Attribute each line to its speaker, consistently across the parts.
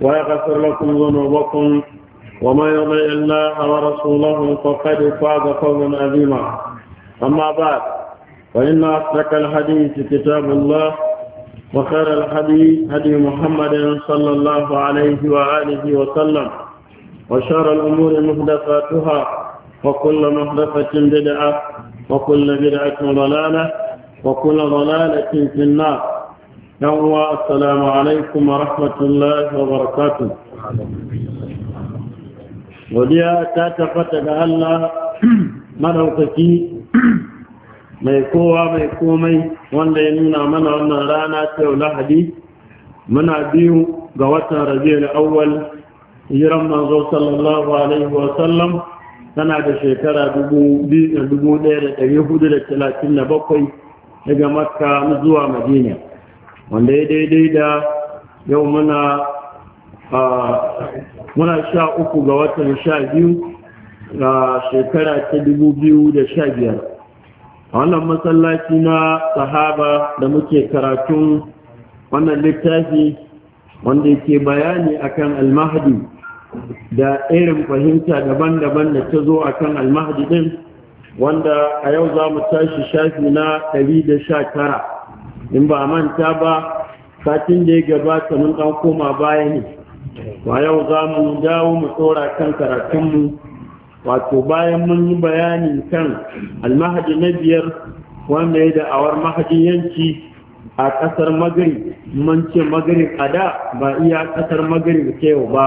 Speaker 1: ويغفر لكم ذنوبكم وما يضع الله ورسوله فقد فاز فوزا عظيما أما بعد فإن أصدق الحديث كتاب الله وخير الحديث هدي محمد صلى الله عليه وآله وسلم وشر الأمور محدثاتها وكل محدثة بدعة وكل بدعة ضلالة وكل ضلالة في النار yawwa assalamu alaikum wa rahmatullahi wa barakatu godiya ta tafata ga Allah madaukaki mai kowa mai komai wanda ya nuna mana wannan rana ta yau lahadi muna biyu ga watan rabiul awwal hijiran manzo sallallahu alaihi wa sallam tana da shekara 1437 daga makka zuwa madina wanda ya daidai da yau muna muna sha uku ga watan sha biyu ga shekara ta dubu biyu da sha biyar a wannan masallaci na sahaba da muke karatun wannan littafi wanda ke bayani akan almahadi da irin fahimta daban-daban da ta zo a akan almahadi din wanda a yau za mu tashi shafi na ɗari da sha tara in ba manta ba satin da ya gabata mun dan koma baya ne wa yau za mu dawo mu tsora kan karatunmu wato bayan mun yi bayanin kan almahadi na biyar wanda ya da'awar mahadiyanci a ƙasar Magari. mun ce magari a da ba iya ƙasar magari ta yau ba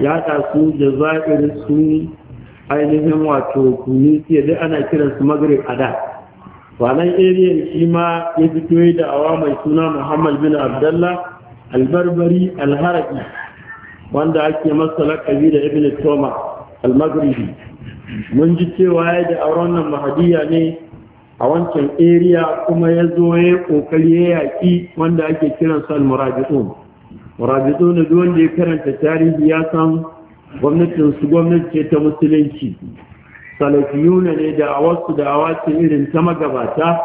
Speaker 1: ya su da jazair su ainihin wato tunisiya duk ana kiransu magrib a da wannan ariyan shi ma ya fito da awa mai suna muhammad bin abdullah albarbari alharaki wanda ake masa lakabi da ibn toma almagribi mun ji cewa ya da auren nan mahadiya ne a wancan area kuma ya zo ya kokari ya yaƙi wanda ake kiransa almurabitun murabitun da wanda ya karanta tarihi ya san gwamnatin su gwamnati ce ta musulunci salafiyuna ne da su da awasu irin ta magabata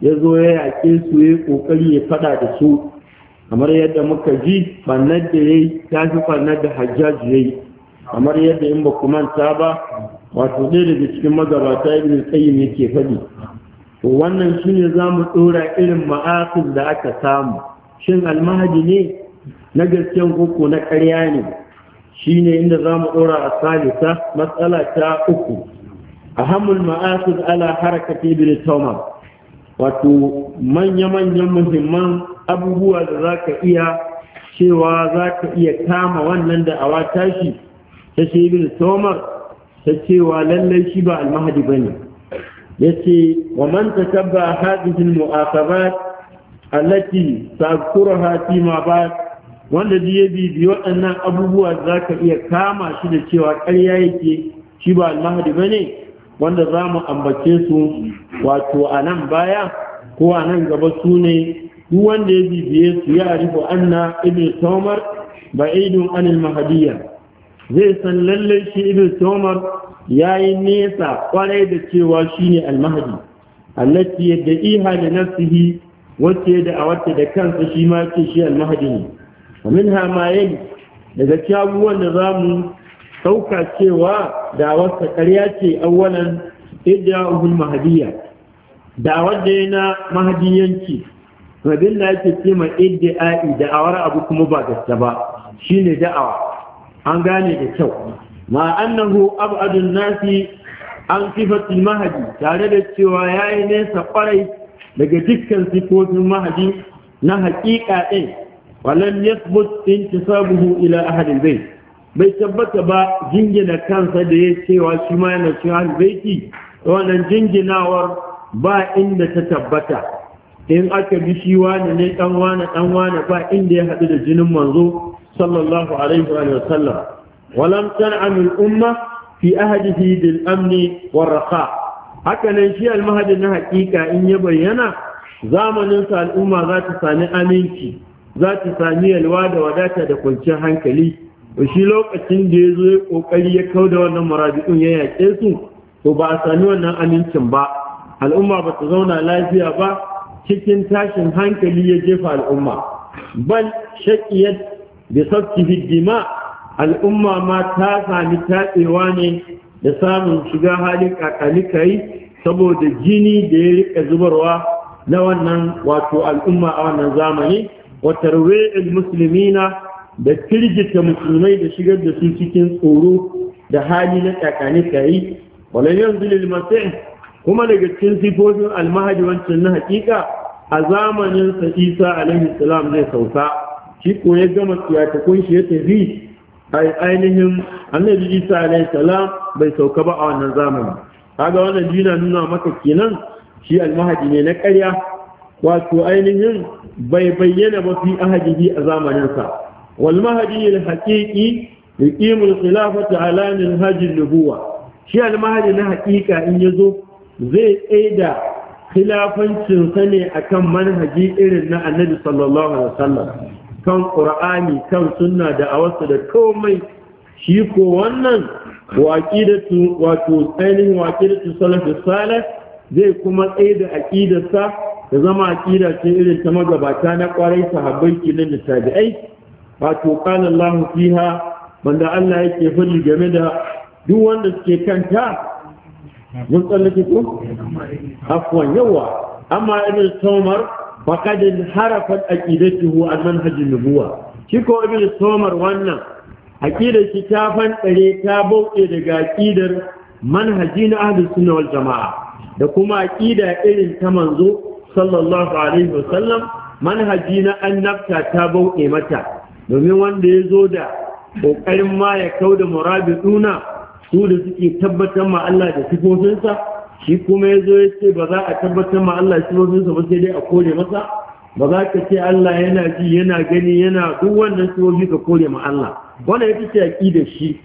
Speaker 1: ya zo ya yaƙe su ya ƙoƙari ya faɗa da su kamar yadda muka ji fannar da ya yi ta fi fannar da hajjaji ya yi kamar yadda in ba manta ba wato ɗaya daga cikin magabata ibn tsayin yake faɗi to wannan shi ne za mu ɗora irin ma'akin da aka samu shin almahadi ne na gaskiyan koko na ƙarya ne shi ne inda za mu ɗora a salisa matsala ta uku ahamul ma'asid ala harakati bil tawma wato manya-manyan muhimman abubuwa da za ka iya cewa za ka iya kama wannan da awa tashi ta ce ibn tomar ta cewa lallai shi ba almahadi ba ne ya ce wa man ta tabba hadisin mu'akabat allati tazkuruha fi ma ba wanda ji ya bibi waɗannan abubuwa za ka iya kama shi da cewa ƙarya yake shi ba almahadi ba ne wanda za mu ambace su wato a nan baya ko a nan gaba su ne duk wanda ya bibiye su ya arifu anna ibn tomar ba'idun anil mahadiyya zai san lallai shi ibn tomar ya yi nesa kwarai da cewa shi ne almahadi allati yadda iha da nafsihi wacce da a wacce da kansa shi ma ce shi almahadi ne ومنها ما يلي daga abubuwan da za mu sauka cewa dawarsa karya ce awwalan idahul mahdiya da yana mahdiyanci abin da yake ce ma idda'i da'awar abu kuma ba gaske ba shine da'awa an gane da kyau ma annahu ab'adun nasi an sifatul mahadi tare da cewa yayi nesa kwarai daga dukkan sifofin mahadi na haƙiƙa ɗin walam yathbut intisabuhu ila ahadin bayt bai tabbata ba jingina kansa da ya cewa shi ma yana cin albaiki wannan jinginawar ba inda ta tabbata in aka bi shi wani ne dan wani dan wani ba inda ya haɗu da jinin manzo sallallahu alaihi wa sallam walam al umma fi ahadihi bil amni war raqa haka nan shi al almahadi na haqiqa in ya bayyana zamanin sa al'umma za ta sami aminci za ta sami yalwa da wadata da kwanciyar hankali to shi lokacin da ya zo ya kokari ya da wannan murabi'un ya yaƙe su to ba a sami wannan amincin ba al'umma ba ta zauna lafiya ba cikin tashin hankali ya jefa al'umma bal shaqiyat bi sabtihi dima al'umma ma ta sami tatsewa ne da samun shiga halin kakalikai saboda jini da ya rika zubarwa na wannan wato al'umma a wannan zamani wa tarwi'il muslimina da firgita musulmai da shigar da su cikin tsoro da hali na tsakanin kayi wala yanzu lil masih kuma daga cikin sifofin almahadi wancan na hakika a zamanin sa Isa alaihi salam zai sauka shi ko ya gama kun shi ya tafi ai ainihin annabi Isa alaihi salam bai sauka ba a wannan zamanin kaga wannan dina nuna maka kenan shi almahadi ne na ƙarya wato ainihin bai bayyana ba fi ahadihi a zamaninsa والمهدي الحقيقي يقيم الخلافة على منهج النبوة shi almahadi na hakika in ya zo zai tsaida khilafancinsa ne kan manhaji irin na annabi sallallahu alaihi wasallam kan qur'ani kan sunna da awarsa da komai shi ko wannan waqidatu wato tsainin waqidatu salafus salih zai kuma tsaida aqidarsa da zama aqida ce irin ta magabata na kwarai sahabbai kilin da tabi'ai wato kana Allah fiha banda Allah yake fadi game da duk wanda suke kanta mun tsallake ko afwan yawa amma ibn Umar faqad harafat aqidatuhu an manhajin nubuwa shi ko ibn Umar wannan aqidar shi ta fantsare ta bauke daga aqidar manhaji na ahlus sunna wal jamaa da kuma aqida irin ta manzo sallallahu alaihi wasallam manhaji na annabta ta bauke mata domin wanda ya zo da ƙoƙarin ma ya kau da murabituna su da suke tabbatar ma Allah da sifofinsa shi kuma ya zo ya ce ba za a tabbatar ma Allah sifofinsa ba sai dai a kore masa ba za ka ce Allah yana ji yana gani yana duk wannan sifofi ka kore ma Allah wannan ya fi fice da shi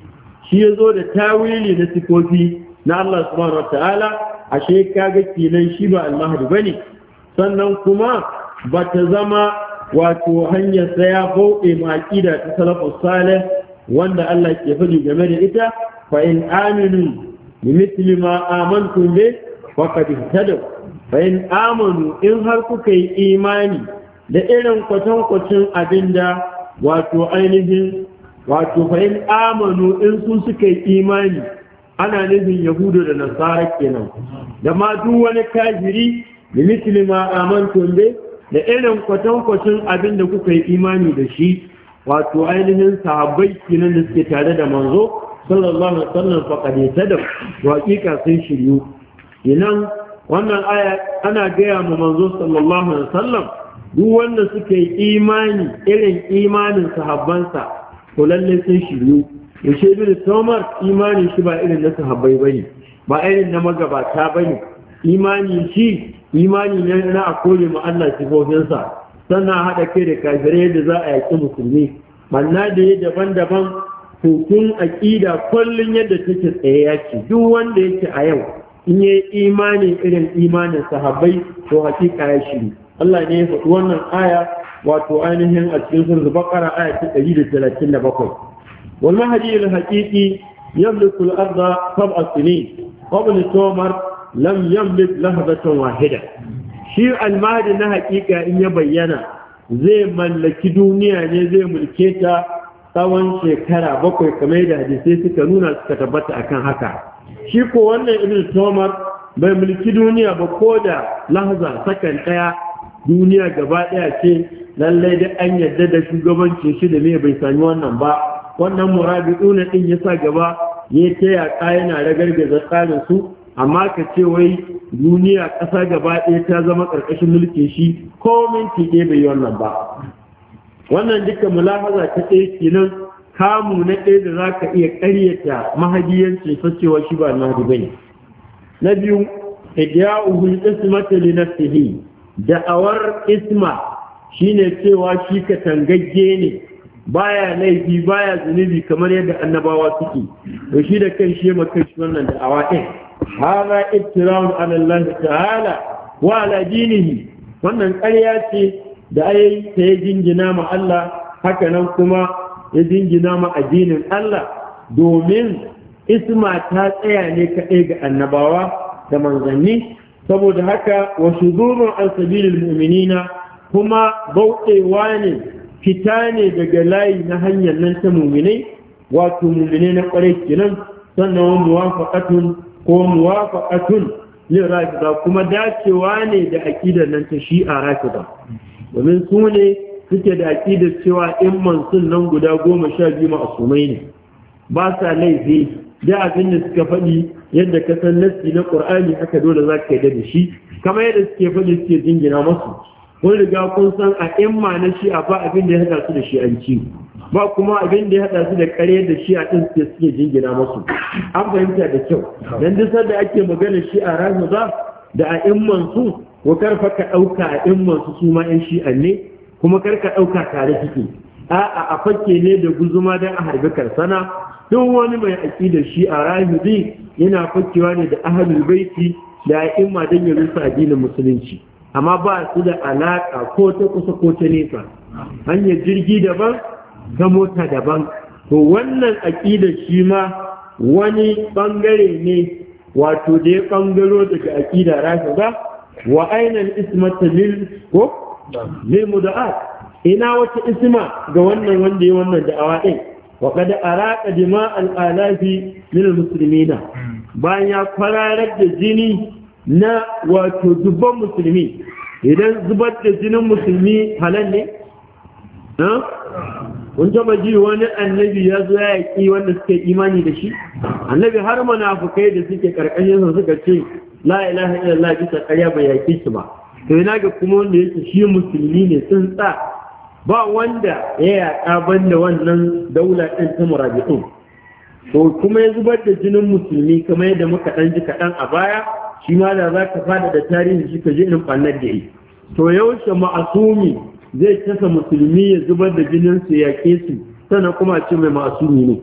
Speaker 1: shi ya zo da tawili na sifofi na Allah subhanahu wataala ashe kaga kenan shi ba almahdi bane sannan kuma ba ta zama wato hanyar sa ya bauɗe ma aqida ta salafu salih wanda Allah ke faɗi game da ita fa in aminu bi ma amantum bi faqad ihtadaw fa in amanu in har kuka yi imani da irin kwacin abinda wato ainihin wato fa in amanu in su suka yi imani ana nufin yahudu da nasara kenan da ma duk wani kafiri bi ma amantum bi da irin kwatankwacin abin da kuka yi imani da shi wato ainihin sahabbai kinan da suke tare da manzo sallallahu alaihi wasallam fa tadab wa hakika sun shiryu kinan wannan aya ana gaya ma manzo sallallahu alaihi wasallam duk wanda suke imani irin imanin sahabbansa to lalle sun shiryu yaushe da tomar imani shi ba irin na sahabbai bane ba irin na magabata bane imani shi imani ne na a kore mu Allah sifofinsa sannan haɗa kai da kafirai da za a yaki musulmi manna da ya daban-daban hukun aƙida kullum yadda take tsaye yaki duk wanda yake a yau in yi imani irin imanin sahabbai to hakika ya shiri Allah ne ya faɗi wannan aya wato ainihin a cikin sunan bakara aya ta 137 wal mahdi al haqiqi yamliku al arda sab'a sinin qabla tumar lam yamlik lahzatan wahida shi almadi na hakika in ya bayyana zai mallaki duniya ne zai mulke ta tsawon shekara bakwai kamar da hadisai suka nuna suka tabbata akan haka shi ko wannan ibn tomar bai mulki duniya ba ko da lahza sakan daya duniya gaba daya ce lallai da an yadda da shugabancin shi da me bai sami wannan ba wannan murabi'una din yasa gaba ya ta yaƙa yana ragargaza tsarin su amma ka ce wai duniya ƙasa gaba ɗaya ta zama ƙarƙashin mulki shi ko minti ɗaya bai yi wannan ba wannan dukkan mulahaza ta ɗaya kenan kamu na ɗaya da za ka iya ƙaryata mahadiyancin sa shi ba mahadi ba ne na biyu idya'uhul ismata li da'awar isma shine cewa shi katangagge ne baya laifi baya zunubi kamar yadda annabawa suke to shi da kan shi maka shi wannan da'awa din hada ibtira'un ala Allah ta'ala wa ala dinihi wannan ƙarya ce da ai ya jingina ma Allah hakanan kuma ya jingina ma addinin Allah domin isma ta tsaya ne kaɗai ga annabawa da manzanni saboda haka wa shuzurun an mu'minina kuma bauɗewa ne fita ne daga layi na hanyar nan ta muminai wato muminai na ƙwarai kenan sannan wa muwafaqatun ko muwafaqatun yin rafida kuma dacewa ne da aqidar nan ta shi'a rafida domin sune suke da aqidar cewa in sun nan guda goma sha biyu ma'asumai ne ba sa laifi da abin da suka faɗi yadda ka san nassi na qur'ani haka dole za ka yi da shi kamar yadda suke faɗi suke jingina masu kun riga kun san a imma na shi a ba abin da ya haɗa su da shi an ci ba kuma abin da ya haɗa su da kare da shi a ɗin suke suke jingina musu, an fahimta da kyau dan duk da ake magana shi a za da a imman su ko karfa ka ɗauka a imman su su ma yan shi'an ne kuma kar ka ɗauka tare suke a'a a fakke ne da guzuma don a harbi karsana duk wani mai aƙidar shi a rahudi yana fakewa ne da ahalul baiti da a'imma dan ya rusa addinin musulunci amma ba su da alaƙa ko ta kusa ko ta nesa hanyar jirgi daban ga mota daban to wannan aƙidar shi ma wani ɓangare ne wato da ya ɓangaro daga aƙida rasa ba wa ainihin ismata lil ko mu muda'at ina wata isma ga wannan wanda ya wannan da'awa ɗin wa kada araka alafi lil musulmina hmm. bayan ya kwararar da jini na wato dubban musulmi idan zubar da jinin musulmi halal ne na kun taba ji wani annabi ya zo ya yaƙi wanda suke imani da shi annabi har munafukai da suke karkashin sa suka ce la ilaha illallah bisa ƙarya bai yaƙi shi ba to ina ga kuma wanda yake shi musulmi ne sun tsa ba wanda ya yaƙa banda wannan daula ɗin ta murabi'un to kuma ya zubar da jinin musulmi kamar yadda muka ɗan ji kaɗan a baya shi ma da za ka fada da tarihi shi ka ji irin ɓannar da yi to yaushe ma'asumi zai kasa musulmi ya zubar da jinin su ya ke su sannan kuma ce mai ma'asumi ne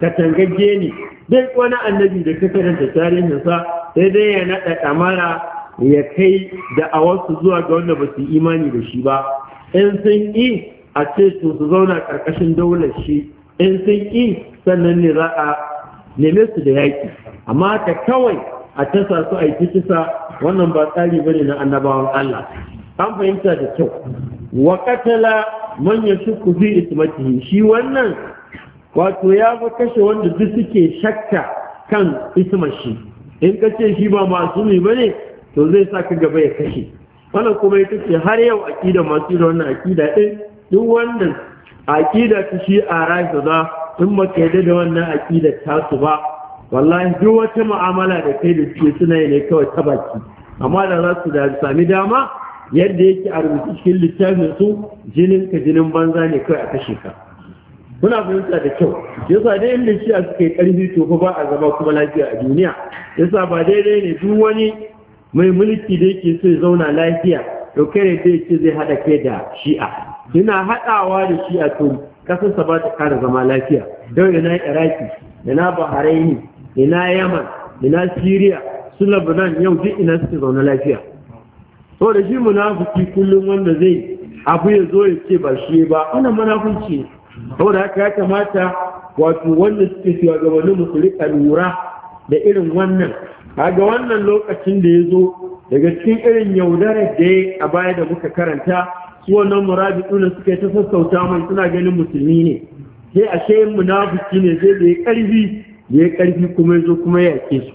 Speaker 1: ka tangagge ne dai wani annabi da ka karanta sa sai dai ya naɗa ɗamara ya kai da a wasu zuwa ga wanda ba su imani da shi ba in sun yi a ce to su zauna ƙarƙashin daular shi in sun yi sannan ne za a neme su da yaƙi amma ka kawai a tasa su a yi kisa wannan ba tsari ba ne na annabawan Allah an fahimta da kyau wa manyan man yashku fi ismatihi shi wannan wato ya fi kashe wanda duk suke shakka kan ismar shi in ka ce shi ba masu ba ne, to zai sa ka gaba ya kashe wannan kuma ita ce har yau akida masu da wannan akida ɗin, duk wanda akida ta shi a za in ba ka da wannan akida ta su ba wallahi duk wata mu'amala da kai da ke suna yi ne kawai ta baki amma da za su da sami dama yadda yake a rubuta cikin littafin su jinin ka jinin banza ne kawai a kashe ka kuna fahimta da kyau yasa dai inda shi a suke karfi to fa ba a zama kuma lafiya a duniya yasa ba daidai ne duk wani mai mulki da yake so ya zauna lafiya to kare da yake zai hada kai da shi'a yana hadawa da shi'a to kasarsa ba ta kara zama lafiya don yana iraki yana bahraini ina yaman ina siriya su labanan yau duk ina suke zaune lafiya to da shi munafiki kullum wanda zai abu ya zo ya ce ba shi ba ana munafunci ne da haka ya kamata wato wanda suke ga su rika lura da irin wannan kaga wannan lokacin da ya zo daga cikin irin yaudarar da ya a baya da muka karanta su wannan murabi da suka ta sassauta mai suna ganin musulmi ne sai ashe munafiki ne sai da ya ƙarfi ya karfi kuma yazo kuma ya yake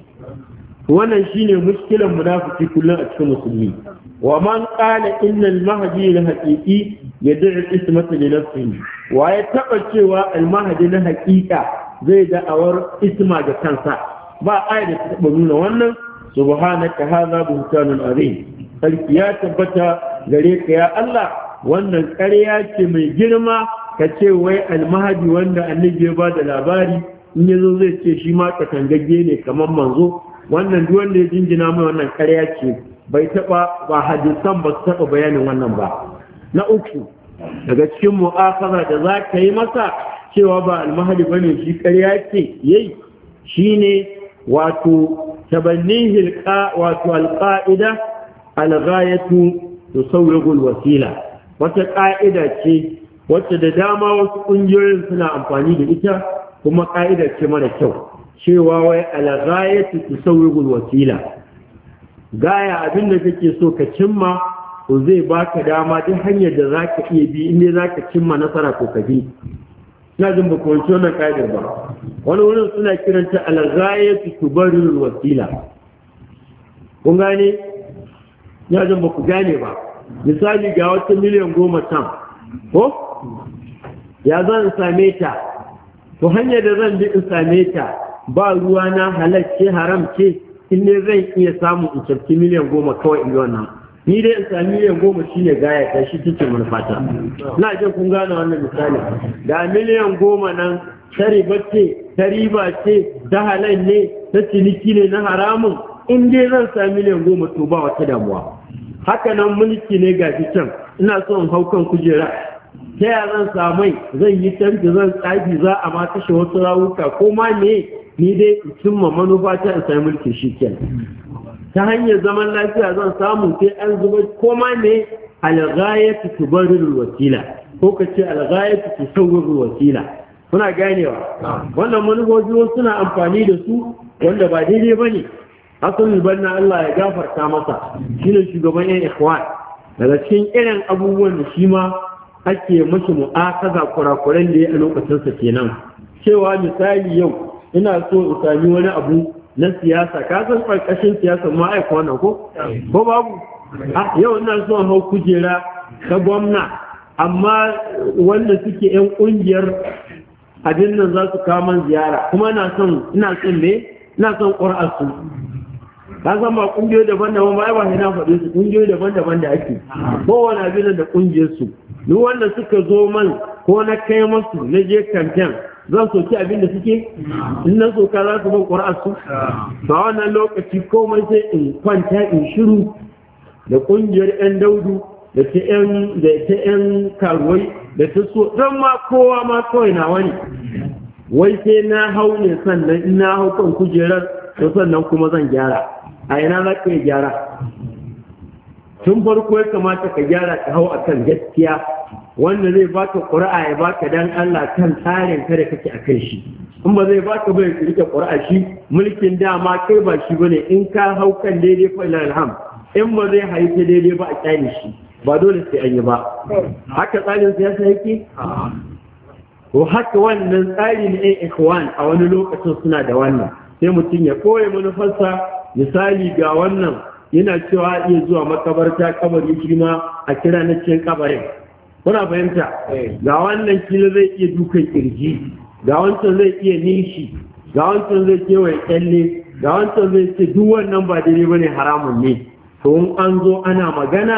Speaker 1: su wannan shine mushkilan munafiki kullum a cikin musulmi wa man qala inna al-mahdi al-haqiqi yad'u ismata li nafsihi wa ya taba cewa al-mahdi na haqiqa zai da'awar isma ga kansa ba aya da ta taba nuna wannan subhanaka hadha buhtanun azim sarki ya tabbata gare ka ya Allah wannan ƙarya ce mai girma ka ce wai al-mahdi wanda annabi ya ba da labari in ya zo zai ce shi ma katangagge ne kamar manzo wannan duk wanda ya jinjina mai wannan karya ce bai taba ba hadisan ba su taba bayanin wannan ba na uku daga cikin mu'akaza da za ka yi masa cewa ba ba ne shi karya ce yayi shine wato hilka wato alqa'ida alghayatu tusawwigu wasila wata ƙa'ida ce wacce da dama wasu ƙungiyoyin suna amfani da ita kuma ƙa'idar ce mara kyau cewa wai alghayatu tusawwigu wasila gaya abin da kake so ka cimma ko zai baka dama duk hanyar da zaka iya bi in dai zaka cimma nasara ko ka bi ina jin ba wannan ƙa'idar ba wani wurin suna kiranta alghayatu tubarirul wasila kun gane ina jin ba ku gane ba misali ga wata miliyan goma can ko ya zan same ta to hanyar da zan bi in same ta ba ruwa na halacce haram ce in ne zan iya samu in cafki miliyan goma kawai in yi wannan ni dai in sami miliyan goma shi ne gaya ta shi take manufata na jin kun gane wannan misali da miliyan goma nan ta riba ce ta riba halal ne ta ciniki ne na haramun in dai zan sami miliyan goma to ba wata damuwa haka nan mulki ne ga can ina son hau kan kujera ta ya zan samai zan yi tarki zan tsafi za a ma kashe wasu rawuka ko ma me ni dai cimma manufa ta in sami mulki shi ke ta hanyar zaman lafiya zan samu sai an zuba ko ma me alghayatu tubarrul wasila ko ka ce alghayatu tusawwirul wasila kuna ganewa wannan manufofi wasu suna amfani da su wanda ba daidai bane asalin banna Allah ya gafarta masa shine shugaban yan ikhwan daga cikin irin abubuwan da shi ma ake mashi mu'akaza kurakuren da ya a lokacinsa kenan cewa misali yau ina so in sami wani abu na siyasa ka san ƙarƙashin siyasa ma aika wannan ko ko babu yau ina so in hau kujera ta gwamna amma wanda suke yan ƙungiyar abin nan za su kama ziyara kuma ina son ina son me ina son ƙur'an su ka san ba ƙungiyoyi daban-daban ba ai ba ina na faɗe su ƙungiyoyi daban-daban da ake kowane abin da ƙungiyar su duk wanda suka zo man ko na kai masu na je kamfen zan soki abin da suke in na soka za su ban ƙura'ar su ba wannan lokaci komai sai in kwanta in shiru da ƙungiyar 'yan daudu da ta 'yan karuwai da ta so don ma kowa ma kawai na wani wai sai na hau ne sannan in na hau kan kujerar to sannan kuma zan gyara a ina za ka gyara tun farko ya kamata ka gyara ka hau akan gaskiya wanda zai baka ƙura'a ya baka dan Allah kan tsarin kare kake a kan shi in ba zai baka bai rike ƙura'a shi mulkin dama kai ba shi bane in ka hau kan daidai fa ila alham in ba zai haife daidai ba a kyale shi ba dole sai an yi ba haka tsarin sa yake ko haka wannan tsari ne ɗan ikhwan a wani lokacin suna da wannan sai mutum ya koya manufarsa misali ga wannan yana cewa iya zuwa makabarta kabari shi ma a kira na cikin kabarin kuna fahimta eh. ga wannan kila zai iya dukan kirji ga wancan zai iya nishi ga wancan zai kewaye kyalle ga wancan zai ce duk wannan ba daidai ba ne haramun ne to in an zo ana magana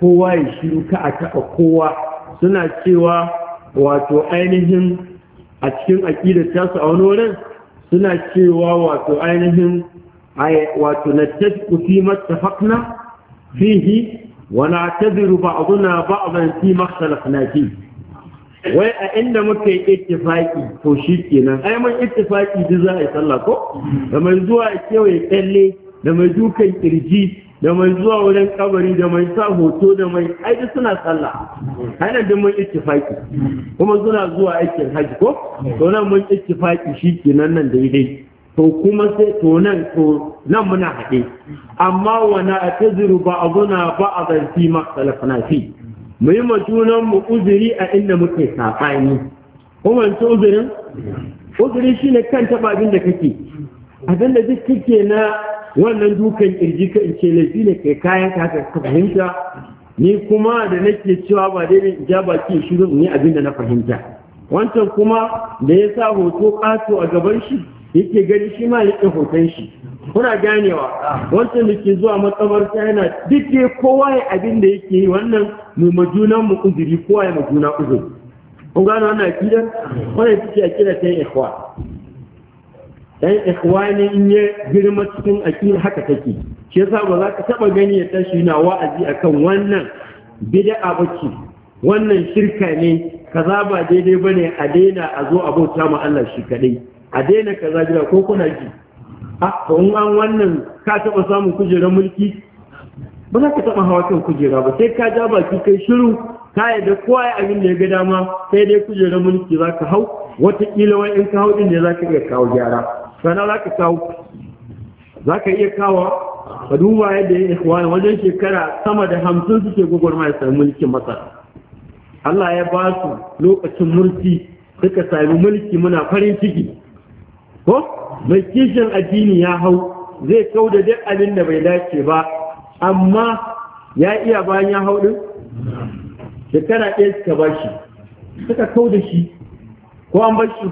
Speaker 1: kowa ya shiru ka a taɓa kowa suna cewa wato ainihin a cikin ta tasu a wani wurin suna cewa wato ainihin wato na tafi fi matafakna fihi ونعتذر بعضنا بعضا فيما اختلفنا فيه wai a inda muka yi ittifaki to shi kenan ai mun ittifaki duk za a yi sallah ko da mai zuwa a kewaye tsalle da mai dukan kirji da mai zuwa wurin kabari da mai sa hoto da mai ai duk suna sallah ana da mun ittifaki kuma suna zuwa aikin hajji ko to nan mun ittifaki shi kenan nan daidai to kuma sai to nan to nan muna haɗe amma wana a taziru ba a zuna ba a zanti ma salafana fi mu yi ma junan mu uzuri a inda muke saɓani kuma ce uzurin uzuri shine kan taɓa abin da kake abin da kake na wannan dukan kirji ka in ce ne kai kayan ka ka fahimta ni kuma da nake cewa ba daidai in ja baki shirin yi abin da na fahimta wancan kuma da ya sa hoto ƙato a gaban shi yake gani shi ma yake hoton shi kuna ganewa wancan da ke zuwa matsabarta yana duk kowa ya abin da yake yi wannan mu majunan mu uzuri kowa ya majuna uzuri kun gano wannan akida wannan take akida ta ikhwa dan ikhwa ne in ya girma cikin akida haka take shi yasa ba za ka taba gani ya tashi na wa'azi akan wannan bid'a bace wannan shirka ne kaza ba daidai bane a daina a zo a bauta ma Allah shi kadai a daina kaza gida ko kuna ji a kawun wannan ka taɓa samun kujerar mulki ba za ka taɓa hawa kan kujera ba sai ka ja baki kai shiru ka yadda kowa ya abin da ya ga dama sai dai kujerar mulki za ka hau wataƙila wani in ka hau ɗin ne za ka iya kawo gyara sana za ka kawo za ka iya kawo ka duba yadda ya ikhwani wajen shekara sama da hamsin suke gwagwarmaya sami mulkin masar Allah ya ba su lokacin mulki suka sami mulki muna farin ciki ko mai kishin addini ya hau zai kau da duk abin da bai dace ba amma ya iya bayan ya hau din shekara ɗaya suka ba shi suka kau da shi ko an ba shi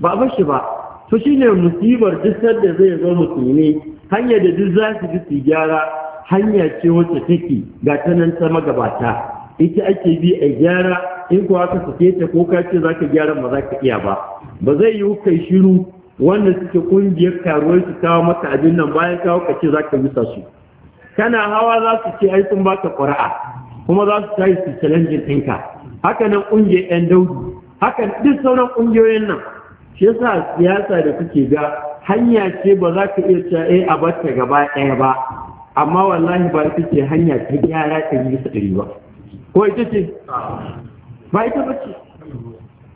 Speaker 1: ba a shi ba to ne musibar jisar da zai zo musulmi hanya da duk za su bi gyara hanya ce wacce take ga ta nan ta magabata ita ake bi a gyara in kuwa ka sake ta ko kace ce za ka gyara ba za ka iya ba ba zai yi kai shiru wanda suke kungiyar karuwar su kawo maka abin nan bayan kawo ka ce za ka bisa su kana hawa za su ce ai sun baka ƙuri'a kuma za su tayi su challenge ɗinka haka nan kungiyar yan daudu haka duk sauran kungiyoyin nan shi yasa siyasa da kuke ga hanya ce ba za ka iya cewa eh a bar ta gaba ɗaya ba amma wallahi ba ita ce hanya ta gyara yi su ɗari ba ko ita ce ba ita ba ce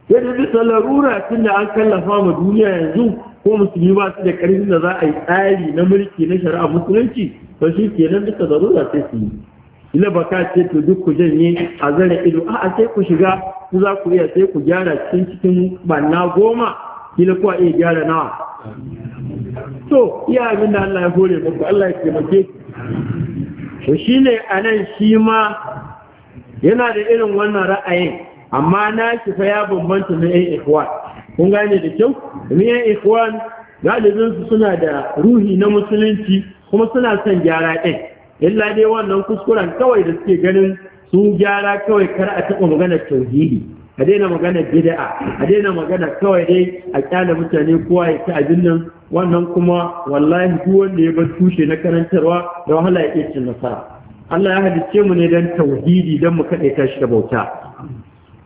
Speaker 1: sai da bisa larura tun da an kallafa ma duniya yanzu ko musulmi ba su da karfin da za a yi tsari na mulki na shari'a musulunci to shi nan duka larura sai su yi ila ka ce to duk ku janye a zane ido a a sai ku shiga ku za ku iya sai ku gyara cikin cikin banna goma kila kuwa iya gyara nawa to iya abin da Allah ya hore muku Allah ya taimake ku to shine anan shi ma yana da irin wannan ra'ayin amma na shi fa ya bambanta na yan ikhwan kun gane da kyau ni yan ikhwan galibin su suna da ruhi na musulunci kuma suna son gyara ɗin illa dai wannan kuskuren kawai da suke ganin su gyara kawai kar a taɓa maganar tauhidi a daina magana bid'a a daina magana kawai dai a kyale mutane kowa ya ci abin nan wannan kuma wallahi duk wanda ya bar tushe na karantarwa da wahala ya cin nasara Allah ya halicce mu ne dan tauhidi dan mu kaɗaita shi da bauta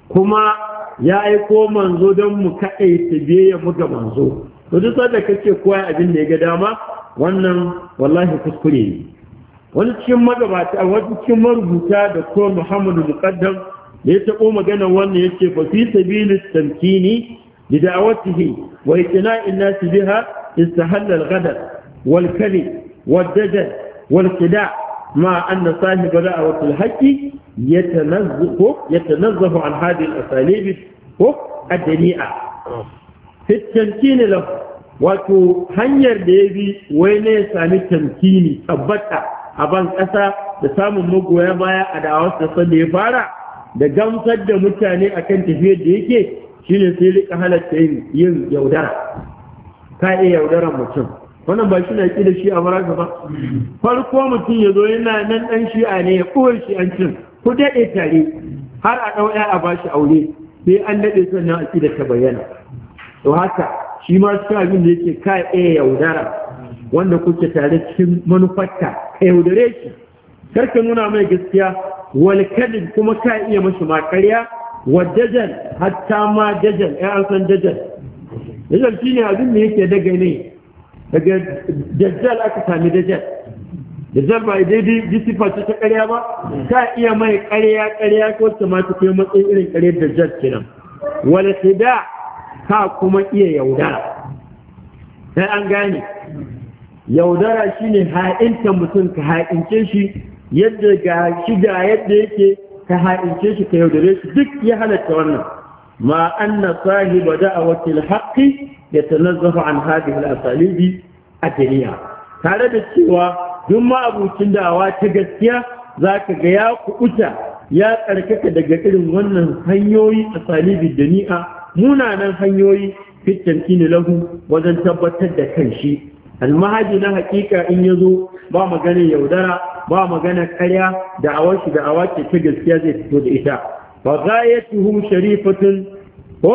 Speaker 1: kuma ya aiko manzo don mu kaɗai ta biye mu ga manzo to duk sanda kace kowa abin da ya ga dama wannan wallahi kuskure ne wani cikin magabata wani cikin marubuta da ko Muhammadu Muqaddam da ya taɓo magana wannan yace fa fi sabili tamkini bi da'awatihi wa iqna'in nas biha istahalla al-ghadab wal kadhib wal dajal wal qida' مع أن صاحب دعوة الحق يتنزه يتنزه عن هذه الأساليب الدنيئة في التمكين له wato hanyar da ya bi wai ne ya sami tamkini tabbata a ban ƙasa da samun magoya baya a da'awar da ya fara da gamsar da mutane akan tafiyar da yake shine sai rika halatta yin yaudara ka iya yaudaran mutum wannan ba shi na ƙi da shi a faraka ba farko mutum ya zo yana nan ɗan shi'a ne ya ɓuwar shi an cin ku daɗe tare har a ɗauya a ba shi aure sai an daɗe sannan a ƙi da ta bayyana to haka shi ma su abin da yake ka ya yaudara wanda kuke tare cikin manufarta ka yaudare shi karka nuna mai gaskiya wal kadin kuma ka iya mashi ma wa dajal hatta ma dajal ya an san dajal dajal shine abin da yake daga ne daga dajjal aka sami dajjal dajjal ba idai dai jisifa ce ta karya ba ka iya mai karya karya ko ta ma ta kai matsayin irin karyar dajjal kenan wala tida ka kuma iya yaudara sai an gane yaudara shine ha'inta mutum ka ha'ince shi yadda ga shi ga yadda yake ka ha'ince shi ka yaudare shi duk ya halatta wannan ما أن صاحب دعوة الحق يتنزه عن هذه a الدنيا tare da cewa duk ma'abucin dawa ta gaskiya za ka ga ya kuɓuta ya tsarkaka daga irin wannan hanyoyi a salibin dani'a munanan hanyoyi fitan kini lahu wajen tabbatar da kan shi almahaji na hakika in ya zo ba maganar yaudara ba maganar karya da awashi da awace ta gaskiya zai fito da ita fa ghayatuhu sharifatun ko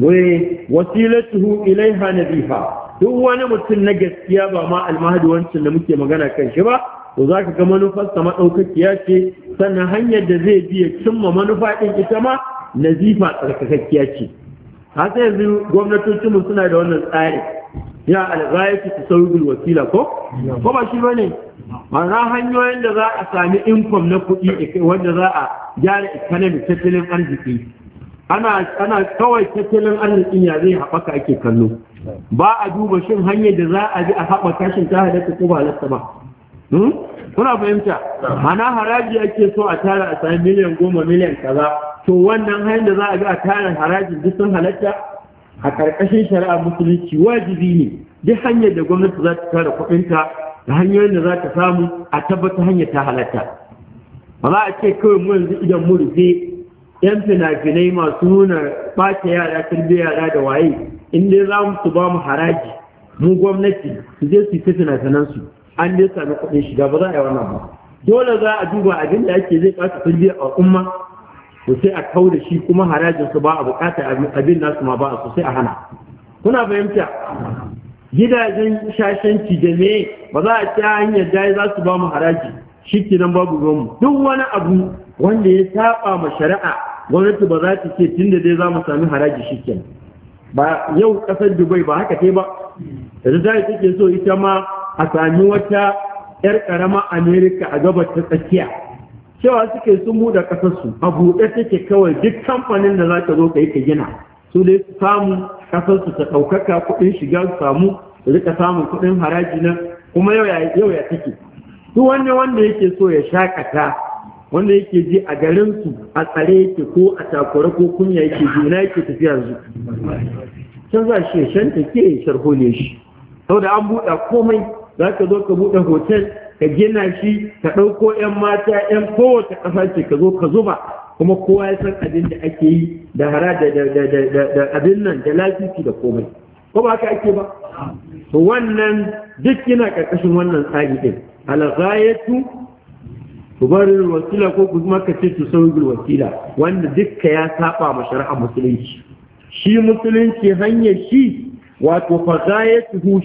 Speaker 1: wai wasilatuhu ilaiha nabiha duk wani mutum na gaskiya ba ma almahadi wancan da muke magana kan shi ba to za ka ga manufarsa maɗaukakiya ce sannan hanyar da zai biya cimma manufa ɗin ita ma nazifa tsarkakakkiya ce hasa yanzu gwamnatocinmu suna da wannan tsari ya alghayati tasawwurul wasila ko ko ba shi bane ma'ana hanyoyin da za a sami income na kuɗi wanda za a gyara economy tattalin arziki ana ana kawai tattalin arzikin ya zai haɓaka ake kallo ba a duba shin hanyar da za a bi a haɓaka kashin ta halatta ko ba halatta ba hmm? kuna fahimta Mana haraji ake so a tara a sami miliyan goma miliyan kaza to wannan hanyar da za a bi a tara harajin duk sun halatta a ƙarƙashin shari'ar musulunci wajibi ne duk hanyar da gwamnati za ta tara kuɗinta da hanyoyin da za ta samu a tabbata hanyar ta halatta ba za a ce kawai mu yanzu idan mu rufe yan fina-finai masu nuna ɓata yara tarbiyya yara da waye in dai za mu su ba mu haraji mu gwamnati su je su yi ta fina-finansu an dai sami kuɗin shiga ba za a yi wannan ba dole za a duba abin da ake zai ɓata tarbiyyar al'umma to sai a kau da shi kuma harajin su ba a bukata abin nasu ma ba a so sai a hana kuna fahimta gidajen shashanci da me ba za a ci hanyar dai za su ba mu haraji shikenan babu ruwanmu duk wani abu wanda ya saba ma shari'a gwamnati ba za ta ce tunda dai za mu sami haraji shi shikenan ba yau kasar dubai ba haka kai ba da ta take so ita ma a sami wata 'yar ƙarama amerika a gabar ta tsakiya cewa suke sun buɗe ƙasarsu a buɗe take kawai duk kamfanin da za ka zo ka yi ka gina su dai su samu ƙasarsu ta ɗaukaka kuɗin shiga su samu su rika samun kuɗin haraji na, kuma yau ya take su wanda wanda yake so ya shakata wanda yake ji a garinsu a tsare yake ko a takura ko kunya yake ji yake tafiya yanzu can za shi ya take ke sharhole shi saboda an buɗe komai za ka zo ka buɗe hotel ka gina shi ka ɗauko 'yan mata 'yan kowace ƙasa ce ka zo ka zuba kuma kowa ya san abin da ake yi da hara da abin nan da lafifi da komai ko ba haka ake ba to wannan duk yana ƙarƙashin wannan tsari ɗin ku tubaril wasila ko kuma ka ce tusawil wasila wanda dukka ya saba ma shari'a musulunci shi musulunci hanyar shi wato fa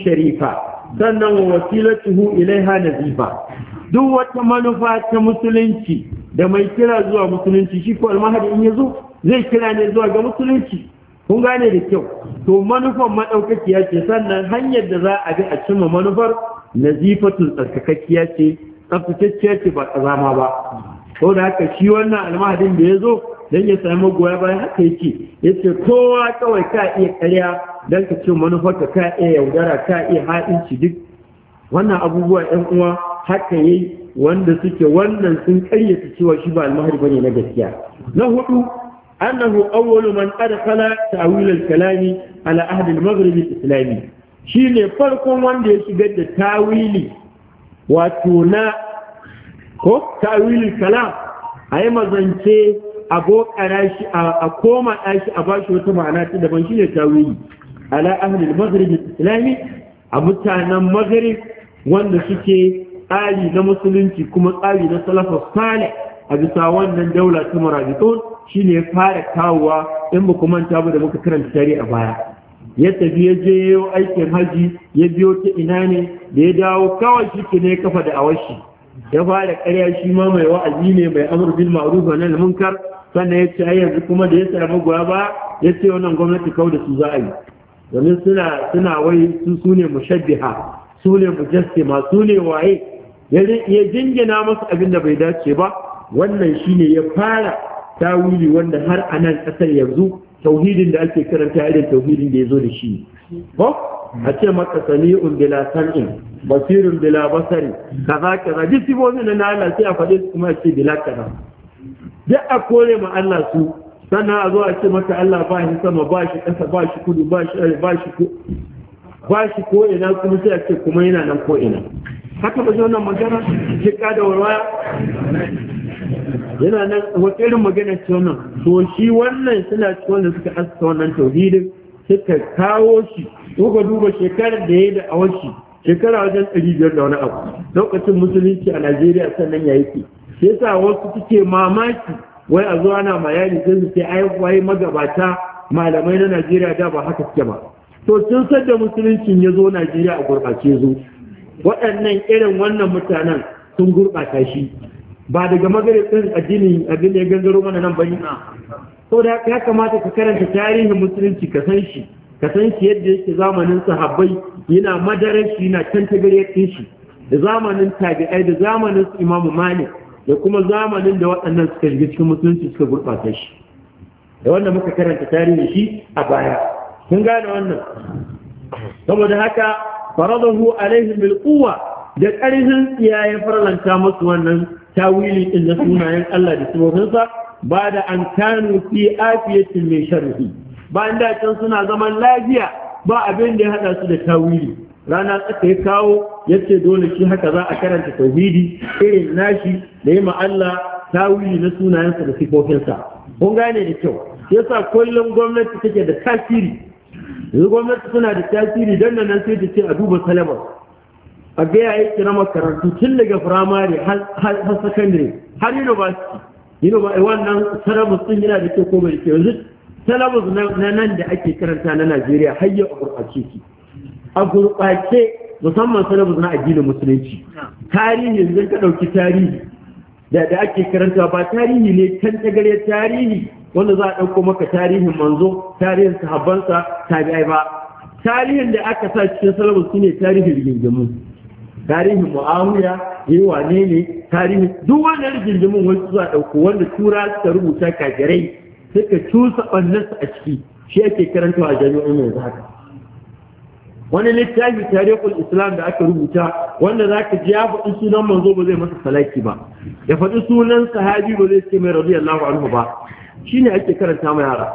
Speaker 1: sharifa sannan wa wasilatuhu ilaiha nazifa duk wata manufa ta musulunci da mai kira zuwa musulunci shi ko almahadi in yazo zai kira ne zuwa ga musulunci kun gane da kyau to manufan madaukakiya ce sannan hanyar da za a bi a cimma manufar nazifatun tsarkakakkiya ce tsaftatacciya ce ba kazama ba to da haka shi wannan almahadin da ya zo don ya sami goya bayan haka yake ce kowa kawai ka iya karya don ka ce manufa ka iya yaudara ka iya ha'inci duk wannan abubuwa yan uwa haka yayi wanda suke wannan sun karyata cewa shi ba almahari bane na gaskiya na hudu annahu awwalu man kala ta'wil al-kalami ala ahd al-maghrib al-islami shine farkon wanda ya shigar da tawili wato na ko tawilin kalam a yi mazance a shi a koma ɗashi a bashi wata ma'ana ta daban shi ne tawili ala ahlil maghrib islami a mutanen maghrib wanda suke tsari na musulunci kuma tsari na salafa a bisa wannan daula ta marabitun shine ya fara kawowa in ba manta ba da muka karanta tare a baya ya tafi ya je yau aikin haji ya biyo ta ina ne da ya dawo kawai shi ke ne kafa da awashi ya fara karya shi ma mai wa'azi ne mai amur bil ma'ruf wa nahy munkar sannan ya ce yanzu kuma da ya samu guwa ba ya ce wannan gwamnati kau da su za a yi domin suna suna wai su su ne mushabbiha su ne mujassima su ne waye ya jingina masu abin da bai dace ba wannan shine ya fara tawili wanda har a nan kasar yanzu tauhidin da ake karanta irin tauhidin da ya zo da shi ko a ce maka sami'un bila sam'in basirun bila basari kaza kaza duk sibobin na Allah sai a faɗe kuma a ce bila kaza da a kore ma Allah su sannan a zo a ce mata Allah ba shi sama ba shi ƙasa ba shi kudu ba shi ba shi ba shi ko ina kuma sai a ce kuma yana nan ko ina haka ba wannan magana jika da warwaya yana nan wata irin magana ce wannan to shi wannan suna ci wanda suka haska wannan tauhidin suka kawo shi kuka duba shekarar da ya da a shekara wajen ɗari biyar da wani abu lokacin musulunci a najeriya sannan ya yi shi yasa wasu suke mamaki wai a zuwa na bayani sai su ce ai wai magabata malamai na Najeriya da ba haka suke ba to sun san da musuluncin ya zo Najeriya a gurɓace zo waɗannan irin wannan mutanen sun gurbata shi ba daga magare din addinin abin da ya gangaro mana nan ba na to da ya kamata ka karanta tarihin musulunci ka san shi ka san shi yadda yake zamanin sahabbai yana madarar shi yana tantagare shi da zamanin tabi'ai da zamanin imamu malik da kuma zamanin da waɗannan suka shiga cikin musulunci suka gurɓata shi da wanda muka karanta tarihi shi a baya sun gane wannan saboda haka faradahu alaihim bil quwwa da ƙarfin tsiya ya farlanta musu wannan tawili din na sunayen Allah da sunofinsa ba da an kanu fi afiyatin mai sharhi ba da can suna zaman lafiya ba abin da ya haɗa su da tawili rana tsaka yi kawo yace dole shi haka za a karanta tauhidi irin nashi da yi Allah tawili na sunayensa da sifofinsa kun gane da kyau yasa kullum gwamnati take da tasiri yanzu gwamnati suna da tasiri dan nan sai ta ce a duba salabar a ga yayi kira makarantu tun daga firamare har sakandare har university university wannan salabar sun yana da kyau ko bai kyau yanzu salabar na nan da ake karanta na Najeriya har yau a ciki a gurɓace musamman sanar na addinin musulunci tarihi zai ka ɗauki tarihi da da ake karanta ba tarihi ne kan tagare tarihi wanda za a ɗauko maka tarihin manzo tarihin sahabbansa tabi'ai ba tarihin da aka sa cikin salabus shine tarihin rigingimu tarihin mu'amuya, yi wane ne tarihin duk wannan rigingimun wasu za a ɗauko wanda tura suka rubuta kafirai suka cusa ɓannansa a ciki shi ake karantawa a jami'o'in yanzu haka wani littafi tarihul islam da aka rubuta wanda za ka ji ya faɗi sunan manzo ba zai masa salaki ba ya faɗi sunan sahabi ba zai ce mai radiyallahu anhu ba shine ake karanta ma yara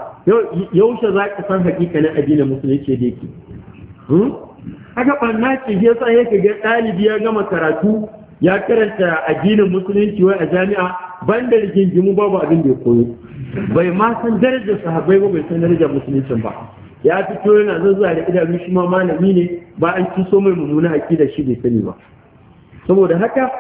Speaker 1: yaushe za ka san hakika na addinin musulunci da yake hmm? haka banna ce ya sa yake ga ɗalibi ya gama karatu ya karanta addinin musulunci wai a jami'a ban da rigingimu babu abin da ya koyo bai ma san darajar sahabbai ba bai san darajar musuluncin ba ya fito yana zuwa da idanu shi ma malami ne ba an so mai mummuna da shi bai sani ba saboda haka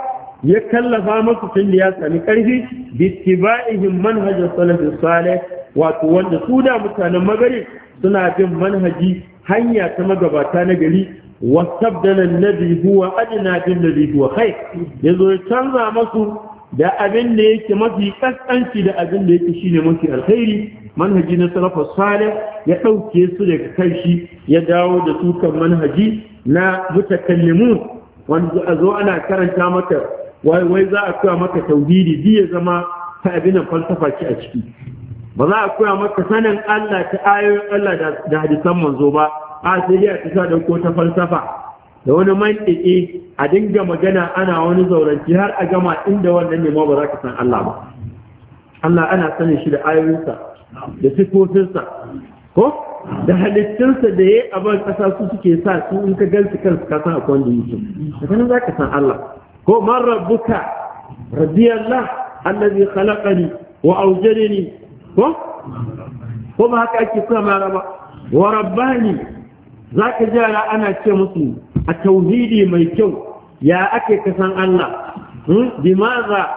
Speaker 1: ya kallafa masu tun da ya sami ƙarfi bittiba'ihim manhajar salafin salih wato wanda su da mutanen magari suna bin manhaji hanya ta magabata na gari wasabdala nabi huwa adina bin nabi huwa kai yazo ya canza masu da abin da yake mafi kaskanci da abin da yake shine mafi alkhairi manhaji na salafa salih ya ɗauke su daga kan ya dawo da su manhaji na mutakallimu wanda a zo ana karanta maka wai wai za a koya maka tauhidi bi ya zama ta abinan falsafa ci a ciki ba za a koya maka sanin Allah ta ayoyin Allah da hadisan manzo ba a sai dai a da dauko ta falsafa da wani mantiki a dinga magana ana wani zauranci har a gama inda wannan ne ma ba za ka san Allah ba Allah ana sanin shi da ayoyinsa da sifofinsa ko da halittunsa da ya a ban ƙasa su suke sa su in ka gansu kansu ka san kwanda wanda yake da kanin za ka san Allah ko man rabbuka rabbiyallah allazi khalaqani wa ne ko ko ba haka ake suna mara ba wa rabbani za ka ji ana ce musu a tauhidi mai kyau ya ake ka san Allah hmm? bimaza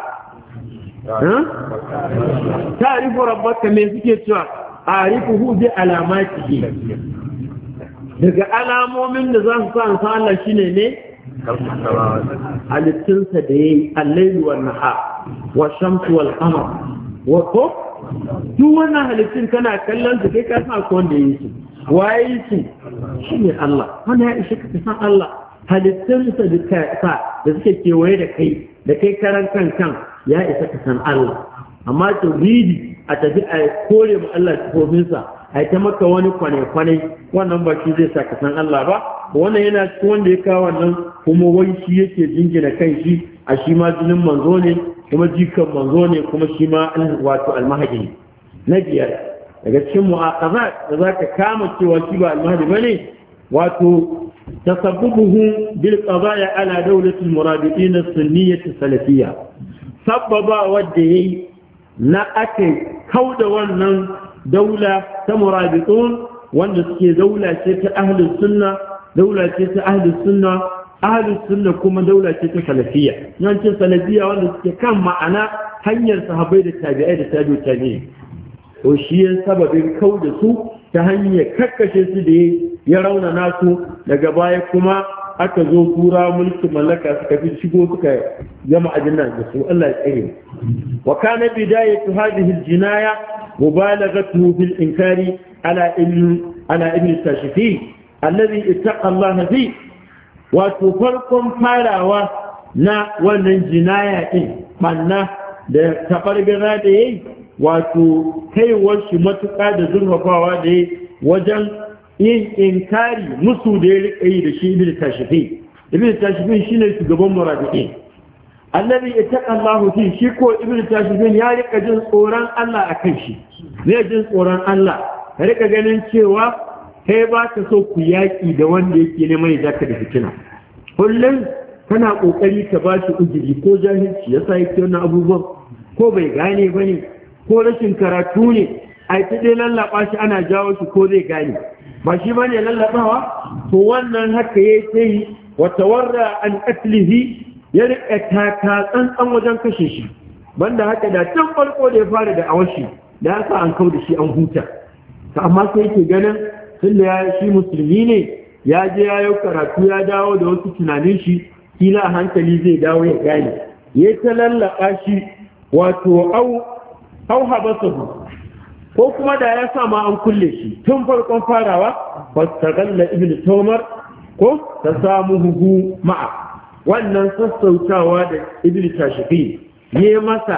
Speaker 2: Ta'arifu
Speaker 1: rabbaka me suke cewa arifuhu bi alamatihi daga alamomin da za su sa san Allah shine ne halittunsa da yayi al-layl wan nahar wa shamsu wal qamar wa ko duk wannan halittun kana kallon su kai ka san ko wanda yayi su waye su shine Allah wannan ya ishe ka san Allah halittunsa da ka da suke kewaye da kai da kai karan kan kan ya isa ka san Allah amma ridi a tafi a kore mu Allah sa a ta maka wani kwane-kwane wannan ba shi zai sa ka san Allah ba wannan yana cikin wanda ya kawo wannan kuma wai shi yake jingina kan shi a shi ma jinin manzo ne kuma jikan manzo ne kuma shi ma wato almahadi na biyar daga cikin mu'aqaza da ka kama cewa shi ba almahadi bane wato tasabbubuhu bil qadaya ala dawlati al-murabitun as-sunniyyah as-salafiyyah sabbaba wadda yayi na aka kauda wannan daula ta murabitun wanda suke daula ta ahlus sunna ta ahlus sunna kuma daula ce ta salafiyya nan ce salafiyya wanda suke kan ma'ana hanyar sahabai da tabi'ai da tabi'u tabi'i to shi ya sababin kauda su ta hanyar kakkashe su da ya rauna nasu daga baya kuma aka zo kura mulki mallaka suka fi shigo suka zama ajina da su Allah ya tsare wa kana bidayatu hadhihi aljinaya mubalaghatu fil inkari ala ibn ala ibn tashifi alladhi ittaqa Allah fi wato farkon farawa na wannan jinaya din banna da tabargara da yayi wato kaiwar shi matuƙa da zurfafawa da ya wajen yin inkari musu da ya riƙa yi da shi ibn tashifin ibn tashifin shine shugaban murabi'in annabi ya Allahu fi shi ko ibn tashifin ya riƙa jin tsoron Allah akan shi zai jin tsoron Allah ka riƙa ganin cewa kai ba ka so ku yaƙi da wanda yake neman zaka da fitina kullum kana ƙoƙari ka ba shi ujiri ko jahilci yasa yake wannan abubuwan ko bai gane ba ne ko rashin karatu ne a yi dai lallaɓa shi ana jawo shi ko zai gane ba shi ba ne lallaɓawa to wannan haka ya ta yi wata warra an ƙatlihi ya riƙa taka tsantsan wajen kashe shi banda haka da can farko da ya fara da shi da haka an kau da shi an huta ta amma sai yake ganin tunda ya shi musulmi ne ya je ya yi karatu ya dawo da wasu tunanin shi kila hankali zai dawo ya gane ya ta lallaɓa shi wato au su bu, ko kuma da ya sa ma an kulle shi tun farkon farawa ba su tagalla ibn tomar ko ta samu hugu ma'a wannan sassautawa da ibn tashifi ne masa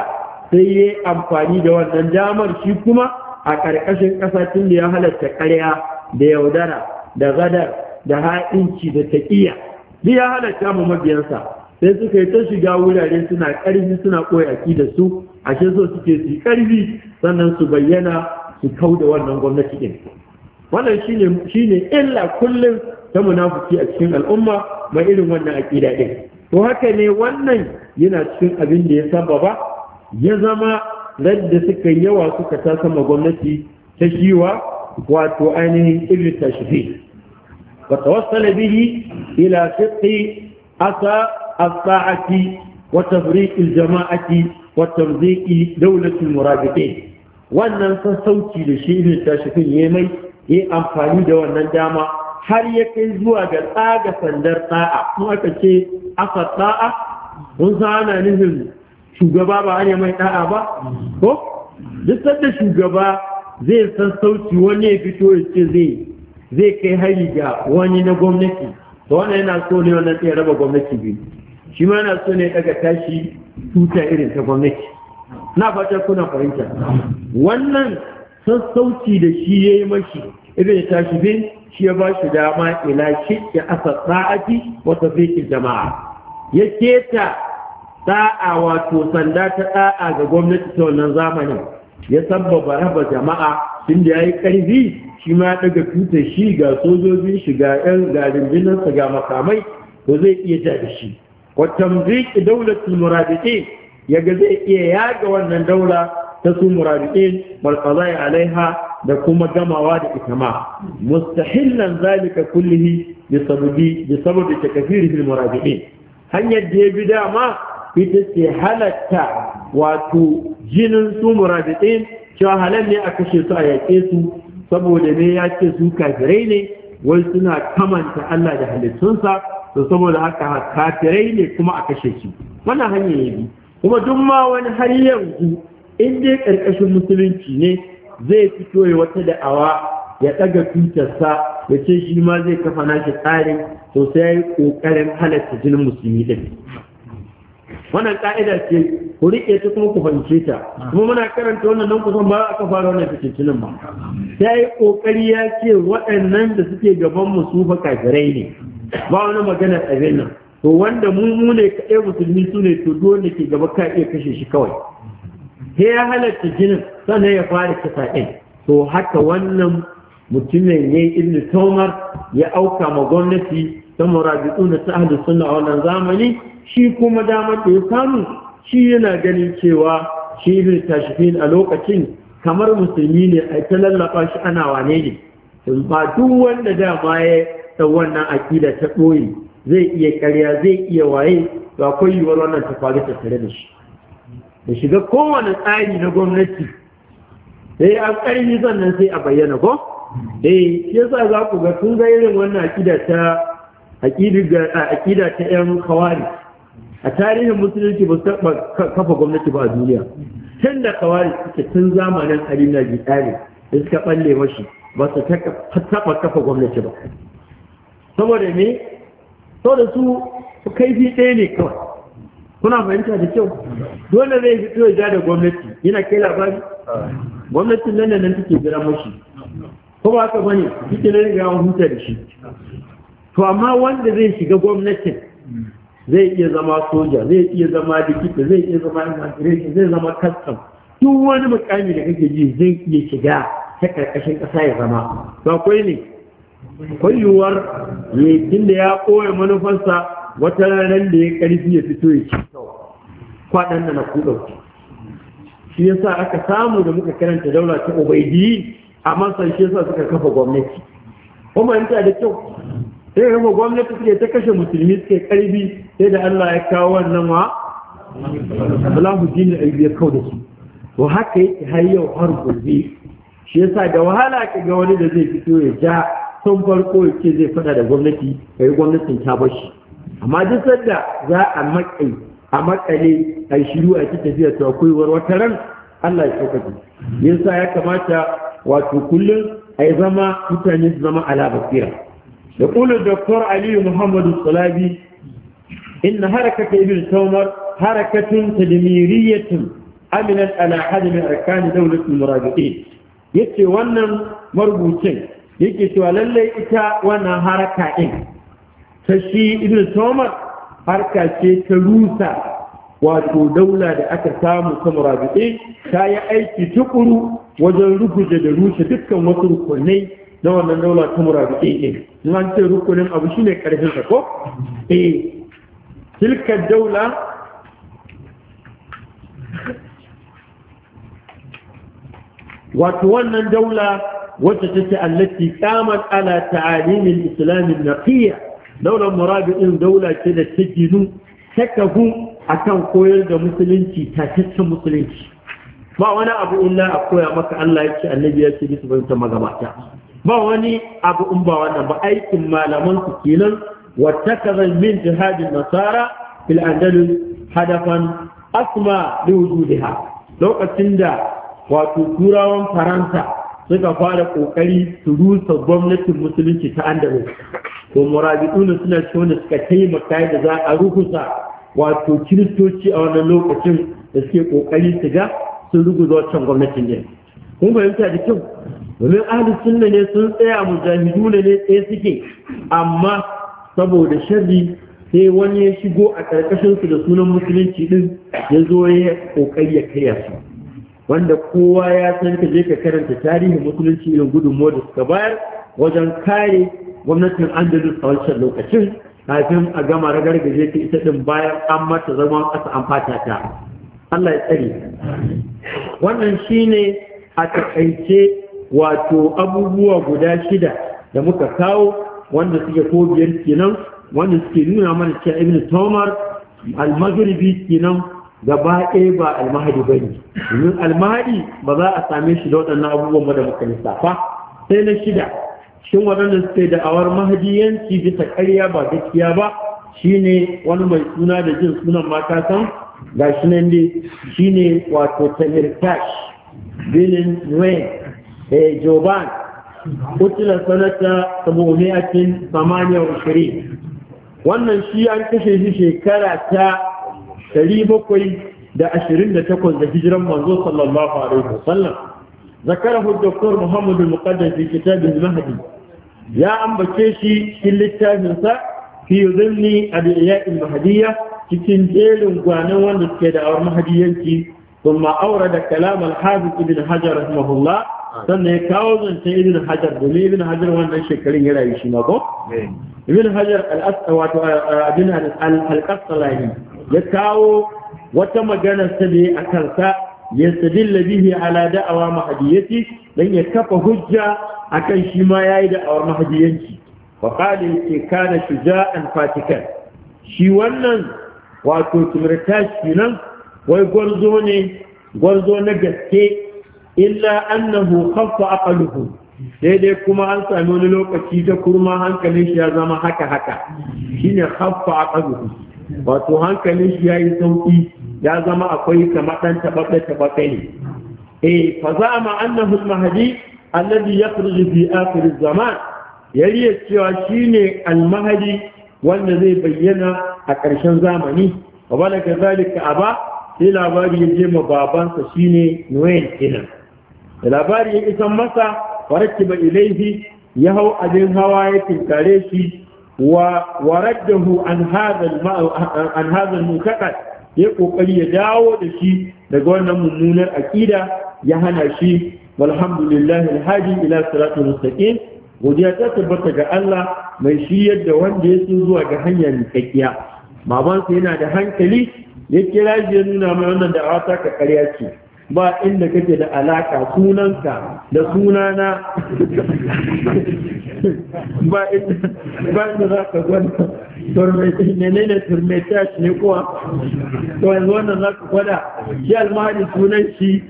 Speaker 1: sai ya amfani da wannan damar shi kuma a ƙarƙashin ƙasa tun da ya halatta ƙarya da yaudara da gadar da ha'inci da taƙiyya duk ya halatta mu mabiyansa sai suka yi ta shiga wurare suna ƙarfi suna koyi da su ashe so suke su ƙarfi sannan su bayyana su kau da wannan gwamnati ɗin. wannan shine shine illa kullum ta munafuki a cikin al'umma mai irin wannan aƙida ɗin. to haka ne wannan yana cikin abin da ya sababa ya zama radda suka yawa suka ta sama gwamnati ta shiwa wato ainihin irin tashfi wa tawassala ila asa الطاعة وتفريق الجماعة وترزيق دولة المرابطين wannan sassauci da shi ne tashifin ya mai ya amfani da wannan dama har ya kai zuwa ga tsaga sandar tsa'a kuma aka ce aka tsa'a mun san ana nufin shugaba ba ana mai tsa'a ba ko duk sanda shugaba zai sassauci wani ya fito ya ce zai zai kai hari ga wani na gwamnati to wannan yana so ne wannan sai raba gwamnati biyu shi ma yana so ne daga tashi tuta irin ta gwamnati na fata kuna fahimta wannan sassauci da shi ya yi mashi irin tashi bin shi ya ba shi dama ila ya asa sa'ati wata tafiqil jama'a ya keta sa'a wato sanda ta tsa'a ga gwamnati ta wannan zamanin ya sabbaba raba jama'a tunda yi ƙarfi, shi ma daga tutar shi ga sojojin shi ga yan garin ga makamai ko zai iya ja da shi wa tamzik dawlatul muradiqin yaga zai iya yaga wannan daula ta su muradiqin wal qada'i alaiha da kuma gamawa da ita ma mustahillan zalika kullihi bi sababi bi sababi kafiri al muradiqin hanyar da ya bi dama ita ce halatta wato jinin su muradiqin cewa halal ne a kashe su a yaƙe su saboda ne ya ce su kafirai ne wai suna kamanta Allah da halittunsa to saboda haka kafirai ne kuma a kashe shi wannan hanya ya bi kuma duk ma wani har yanzu in dai karkashin musulunci ne zai fito ya wata da'awa ya ɗaga tutarsa ya ce shi ma zai kafa nashi tsarin to sai halatta jinin musulmi da wannan ƙa'ida ce ku riƙe ta kuma ku fahimce ta kuma muna karanta wannan nan kusan ba aka fara wannan fitintinin ba sai ya yi ya ce waɗannan da suke gaban mu su fa kafirai ne ba wani magana abin nan to wanda mu mu ne kaɗai musulmi su ne to dole ke gaba ka iya kashe shi kawai he ya halatta jinin sannan ya fara kisa ɗin to haka wannan mutumin ne ibn tomar ya auka ma gwamnati ta murabitu na ta sunna a wannan zamani shi kuma damar da ya samu shi yana ganin cewa shi ibn tashfin a lokacin kamar musulmi ne a ta lallaɓa shi ana wane ne ba duk wanda dama ya ta wannan aƙida ta ɓoye zai iya ƙarya zai iya waye to akwai yiwuwar wannan ta faru tare da shi da shiga kowane tsari na gwamnati sai an ƙarfi sannan sai a bayyana ko dai eh, shi sa za ku ga sun ga irin wannan aƙida ta 'yan kawari a tarihin musulunci ba su kafa gwamnati ba a duniya tun da kawari suke tun zamanin ali na da suka ɓalle mashi ba su taɓa kafa gwamnati ba saboda me saboda su kaifi ɗaya ne kawai kuna fahimta da kyau dole zai fi ya da gwamnati yana kai labari gwamnatin nan da nan take jira mashi ko ba ka bane kike ne ga huta da shi to amma wanda zai shiga gwamnatin zai iya zama soja zai iya zama likita zai iya zama immigration zai zama custom duk wani mukami da kake ji zai iya shiga ta karkashin kasa ya zama To akwai ne kwayuwar yakin da ya koya manufarsa wata ranar da ya karfi ya fito ya ci kwaɗan da na kuɗauki shi yasa aka samu da muka karanta daula ta ubaidi a masar shi yasa suka kafa gwamnati kuma yanta da kyau sai kafa gwamnati suke ta kashe musulmi suke karfi sai da Allah ya kawo wannan wa Allahu ya kawo da su haka yake har yau har gobe shi yasa da wahala ka ga wani da zai fito ya ja tun farko ce zai fada da gwamnati ya yi gwamnatin ta bashi amma duk sanda za a makai a makale a yi shiru a cikin tafiya ta koyewar wata ran Allah ya sauƙaƙe yasa ya kamata wato kullum a yi zama mutane su zama ala basira da kullu doktor aliyu muhammadu salabi inna harakata ibn taumar harakatun tadmiriyatun aminat ala hadmi arkani dawlatul murabitin yace wannan marubucin yake cewa lallai ita wannan haraka ɗin ta shi ibn tomar harka ce ta rusa wato daula da aka samu ta murabiɗe ta yi aiki tukuru wajen rukuje da rushe dukkan wasu rukunai na wannan daula ta murabiɗe ɗin zuwa an ce rukunin abu shi ne ƙarfin ko eh tilkar daula wato wannan daula wacce take allati qamat ala ta'alim al-islam an-naqiyya daular murabidin daula ce da ta ginu ta kafu akan koyar da musulunci cikin musulunci ba wani abu illa a koya maka Allah ya ce annabi ya ce bisa fahimtar magabata ba wani abu in ba wannan ba aikin malaman su kenan min jihadin nasara. النصارى في hadafan asma أسمى Lokacin da قد تندى وتكورا فرنسا suka fara kokari su rusa gwamnatin musulunci ta andalus to murabituna suna cikin wanda suka taimaka da za a rukusa wato kiristoci a wannan lokacin da suke kokari su ga sun ruguza wancan gwamnatin ne kun fahimta da kyau domin ahli sunna ne sun tsaya mujahidu ne tsaye suke amma saboda sharri sai wani ya shigo a ƙarƙashinsu da sunan musulunci ɗin ya zo ya ƙoƙari ya karya su wanda kowa ya san ka je ka karanta tarihin musulunci irin gudunmuwa da suka bayar wajen kare gwamnatin andalus a wancan lokacin kafin a gama ragargaje ta ita din bayan an mata zama ƙasa an fata ta Allah ya tsare wannan shine a takaice wato abubuwa guda shida da muka kawo wanda suke ko biyar kenan wanda suke nuna mana cewa ibn Tomar al kenan gaba ɗaya ba almahadi ba ne domin almahadi ba za a same shi da waɗannan abubuwan ba da muka lissafa sai na shida shin waɗanda suke da awar yanci bisa karya ba gaskiya ba shine wani mai suna da jin sunan mata san ga shi nan dai shine wato tamirtash binin rain eh joban kutila sanata sabu'umiyatin samaniyar shirin wannan shi an kashe shi shekara ta ɗari da hijiran manzo sallallahu alaihi wasallam zakarahu doktor muhammad al-muqaddas fi kitab al-mahdi ya ambace shi cikin littafin sa fi zilli adiyya al-mahdiyya cikin jerin gwanan wanda suke da awar mahdiyanci kuma aurada kalam al ابن ibn hajar rahimahullah sannan ya kawo zancen ibn hajar domin ibn hajar wanda shekarun ya rayu shi ma ko ibn hajar al-asqa wa abin al-qasalahi ya kawo wata maganar ta ne a kansa ya sadilla bihi ala da'awa mahadiyati dan ya kafa hujja kan shi ma yayi da'awar mahadiyanci wa qala yake kana shuja'an fatikan shi wannan wato tumurtashi nan wai gwarzo ne gwarzo na gaske illa annahu khaffa aqluhu daidai kuma an sami wani lokaci ta kurma hankalin shi ya zama haka haka shine khaffa aqluhu wato hankalin shi ya yi sauƙi ya zama akwai kamar ɗan taɓaɓɓe-taɓaɓɓe ne eh fa za ma annahu al-mahdi alladhi yakhruju fi akhir zama? zaman yariya cewa shine al-mahdi wanda zai bayyana a ƙarshen zamani wa balaga zalika ba sai labari ya je ma babansa shine Nuwayn kenan da labari ya isan masa farakki ba ilaihi ya hau abin hawa ya tinkare shi waraddahu an hazan mukaɗa ya ƙoƙari ya dawo da shi daga wannan mummunar aƙida ya hana shi walhamdulillah alhaji ila siratul mustaqim godiya ta tabbata ga Allah mai shiryar da wanda ya so zuwa ga hanya miƙaƙiya babansa yana da hankali ya kira shi ya nuna mai wannan da'awa ta ka ƙarya ce ba inda kake da alaka sunanka da sunana ba inda za ka gwada turmai ne turmai tashi ne kuwa to yanzu wannan za ka gwada shi almahadi sunan shi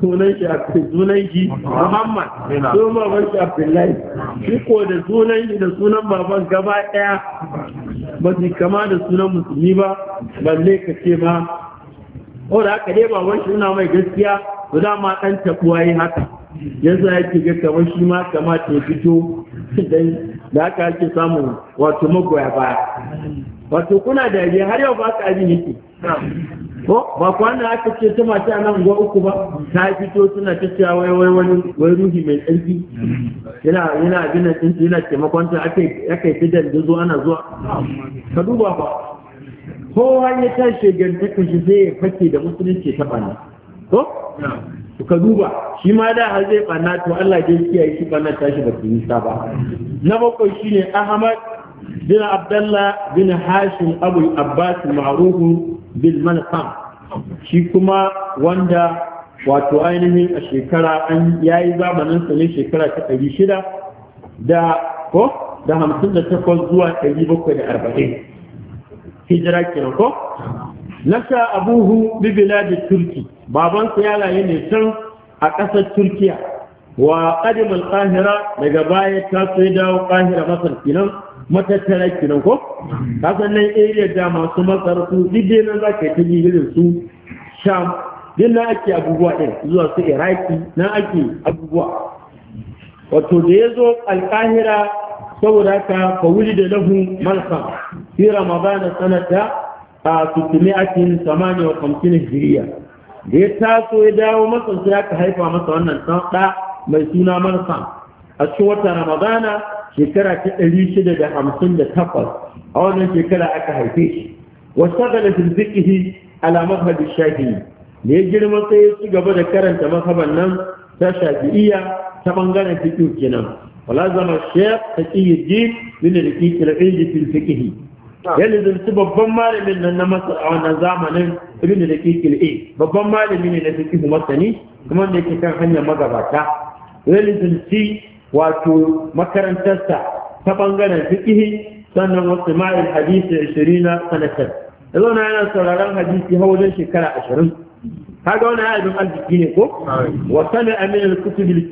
Speaker 1: sunan shi sunan shi muhammad sun baban shi abdullahi shi ko da sunan shi da sunan baban gaba daya ba su kama da sunan musulmi ba balle ka ce ma ko da aka dai ba shi suna mai gaskiya ba za dama ɗan taɓuwa yi haka yanzu ya ke ga kamar shi ma kama ya fito da aka ake samun wato magoya baya wato kuna da dariya har yau ba ka abin yake ko ba kwanan aka ce ta mace a nan gwa uku ba ta fito suna ta cewa wai wai wani wai ruhi mai tsarki yana yana abin nan yana taimakon ta aka aka yi ta dandazo ana zuwa ka duba ba kowa ya tashi gantakan shi zai fake da musulunci ta bana ko to ka duba shi ma da har zai bana to Allah ya kiyaye shi bana tashi ba su nisa ba na bakwai shine Ahmad bin Abdullah bin Hashim Abu Abbas ma'ruf bil malqam shi kuma wanda wato ainihin a shekara an yayi zamanin sa ne shekara ta ɗari 600 da ko da 58 zuwa ɗari bakwai da arba'in. hijira kenan ko nasa abuhu bi bilad turki babansa ya rayu mai can a ƙasar turkiya wa qadim al qahira daga baya ta sai dawo qahira masar kinan matattara kenan ko kasan nan area da masu masar su dide nan zaka yi irin su sham din nan ake abubuwa din zuwa su iraki nan ake abubuwa wato da yazo al qahira saboda ka fa da lahu malfa في رمضان سنة آه 658 هجرية da ya taso ya dawo masa sai aka haifa masa wannan ɗa mai suna marsa a cikin wata ramadana shekara ta ɗari shida da hamsin da takwas a wannan shekara aka haife shi wasu da firzikihi alamar hadis shafi'i Me ya girma sai ya ci gaba da karanta mazhaban nan ta shafi'iyya ta bangaren fiƙi kenan wala zama shekh taqiyyuddin bin al-fiqh al-ilmi fil fiqh ya lizarci babban malamin nan na masar a wannan zamanin ibn da ke babban malami ne na fikihu masani kuma da yake kan hanyar magabata ya lizarci wato makarantarsa ta bangaren fikihi sannan wasu ma'il hadisi ashirin na sanatar ya zauna yana sauraron hadisi har wajen shekara ashirin kaga wani abin arziki ne ko wa sami amin al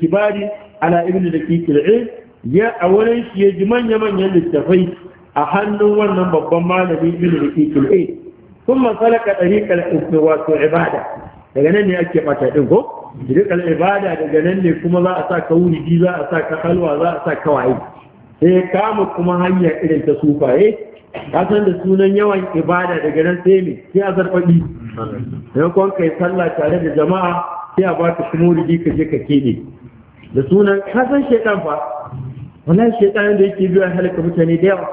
Speaker 1: kibari ala ibn da al-ilm ya a wurin shi ya ji manya manyan littafai a hannun wannan babban malami ibn rafiqul aid kuma salaka dariqal ibn wato ibada daga nan ne ake mata din ko dariqal ibada daga nan ne kuma za a sa ka wuri za a sa ka halwa za a sa ka waye sai kama kuma hanya irin ta sufaye ka san da sunan yawan ibada daga nan sai ne sai a zarfaɗi don kwan kai sallah tare da jama'a sai a baka kuma wuri ka je ka kede da sunan ka san shekan fa wannan shekan da yake biya halaka mutane da yawa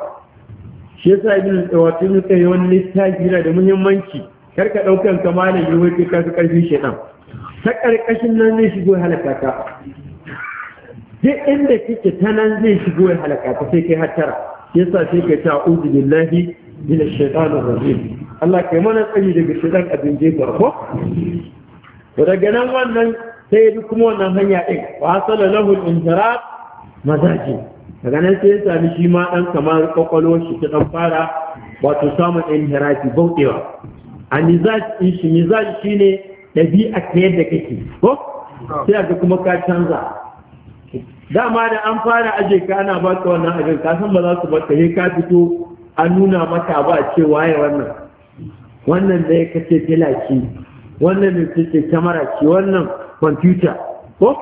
Speaker 1: shi yasa ibn wato ibn kai wani littafi yana da muhimmanci kar ka daukan kamalin yiwuwar ke kasu karfin shedan ta karkashin nan zai shigo ya halaka ka duk inda kike ta nan zai shigo ya halaka ka sai kai hattara yasa sai kai ta uzu billahi min ash-shaytanir rajim Allah kai mana tsari daga shedan abin jefa ko to daga nan wannan sai kuma wannan hanya din wa sallallahu al-inhirab madaji daga nan sai ya sami shi ma ɗan kamar kwakwalwar shi ta ɗan fara wato samun inhirafi bautewa a mizaj shi mizaj shi ne ɗabi'a ta yadda kake ko sai a kuma ka canza dama da an fara aje ka ana ba wannan abin ka san ba za su baka ka fito an nuna maka ba ce waye wannan wannan da ya kace filaci wannan da ce kamara ce wannan kwamfuta ko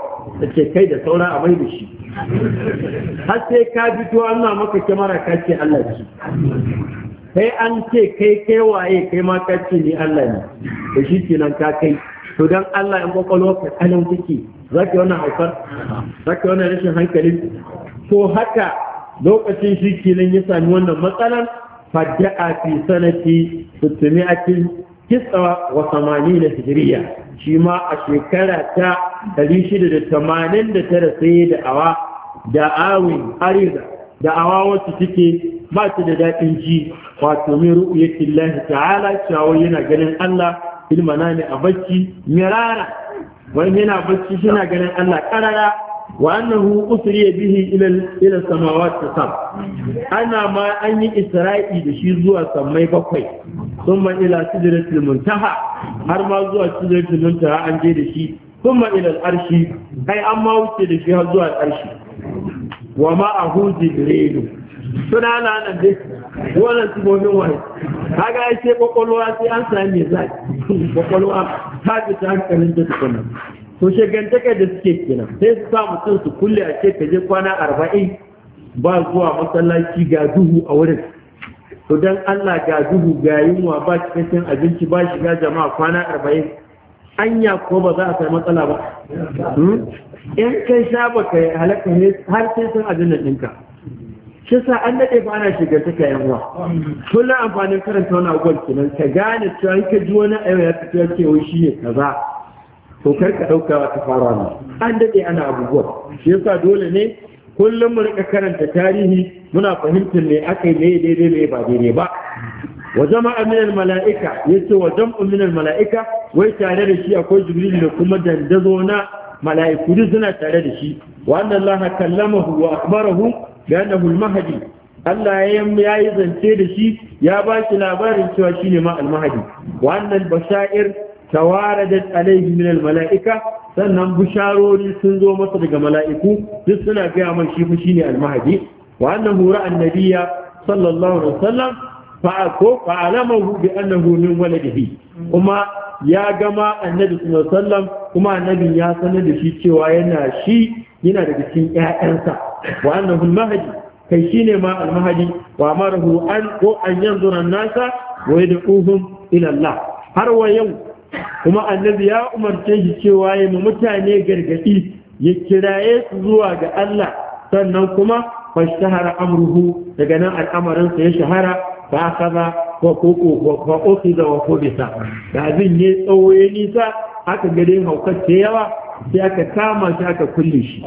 Speaker 1: da kai da saura a mai da shi har sai ka fito Allah maka kyamara ka ce Allah ce kai an ce kai kai waye kai ma ka ce ni Allah ne da shi ke nan ka kai to dan Allah in kwakwalwa ka kalan kike za ka wannan haifar za ka wannan rashin hankali to haka lokacin shi ke nan ya sami wannan matsalar a fi sanati suttumi'atin tisa wa samani hijiriya shi ma a shekara ta 689 sai da awa da awin ariza da awa wacce suke ba su da daɗin ji wato mai ru'uyatin lahi ta'ala cewa yana ganin Allah ilmana ne a bacci mirara wani yana bacci shi na ganin Allah ƙarara وأنه أسري به إلى إلى السماوات السبع أنا ما أني إسرائي دشي زوا سمي بقوي ثم إلى سدرة المنتهى har ma zuwa sidratul muntaha an je shi kuma ila al kai an ma wuce da zuwa al wa ma ahu jibrilu suna na nan dai wannan sibobin wani kaga ya ce kwakwalwa sai an sami zai kwakwalwa ta fita hankalin da tukuna to shagantaka da suke kenan sai su sa mutum su kulle a ce ka je kwana arba'in ba zuwa masallaci ga duhu a wurin to dan Allah ga duhu ga yunwa ba cikakken abinci ba shiga jama'a kwana arba'in anya ko ba za a sai matsala ba hmm? in kai sha ba ka halaka ne har sai sun abin da ɗinka shi sa an daɗe ba ana shiga ta kayan wa kullum amfanin karanta wani abubuwan kenan ka gane cewa ka ji wani ayo ya fito ya ce wai shi ne kaza to kar ka ɗauka ta fara ne an daɗe ana abubuwa shi yasa dole ne kullum mu rika karanta tarihi muna fahimtar me aka yi daidai me ba daidai ba wa zama mala'ika yace wa jam'u minal mala'ika wai tare da shi akwai jibril da kuma dandazo na mala'iku duk suna tare da shi wa anna allah kallamahu wa akhbarahu bi annahu al-mahdi Allah ya yi zance da shi ya ba shi labarin cewa shine ma al-mahdi wa bashair tawaradat alaihi min almala'ika sannan bisharori sun zo masa daga mala'iku duk suna gaya man shi fushi ne almahadi wa annahu ra'a annabiyya sallallahu alaihi wasallam fa ko fa alamahu bi annahu min waladihi kuma ya gama annabi sallallahu alaihi wasallam kuma annabi ya sanar da shi cewa yana shi yana daga cikin ƴaƴansa wa annahu almahdi kai shine ma almahdi wa amarahu an ko an yanzura nasa wa yad'uhum ila Allah har wa yau kuma annabi ya umarce shi cewa ya mu mutane gargadi ya kiraye su zuwa ga Allah sannan kuma fashtahara amruhu daga nan al'amarin sa ya shahara fa kaza wa koko wa ukhidha wa khubisa da abin ne tsawaye nisa aka gare haukar yawa sai aka kama shi aka kulle shi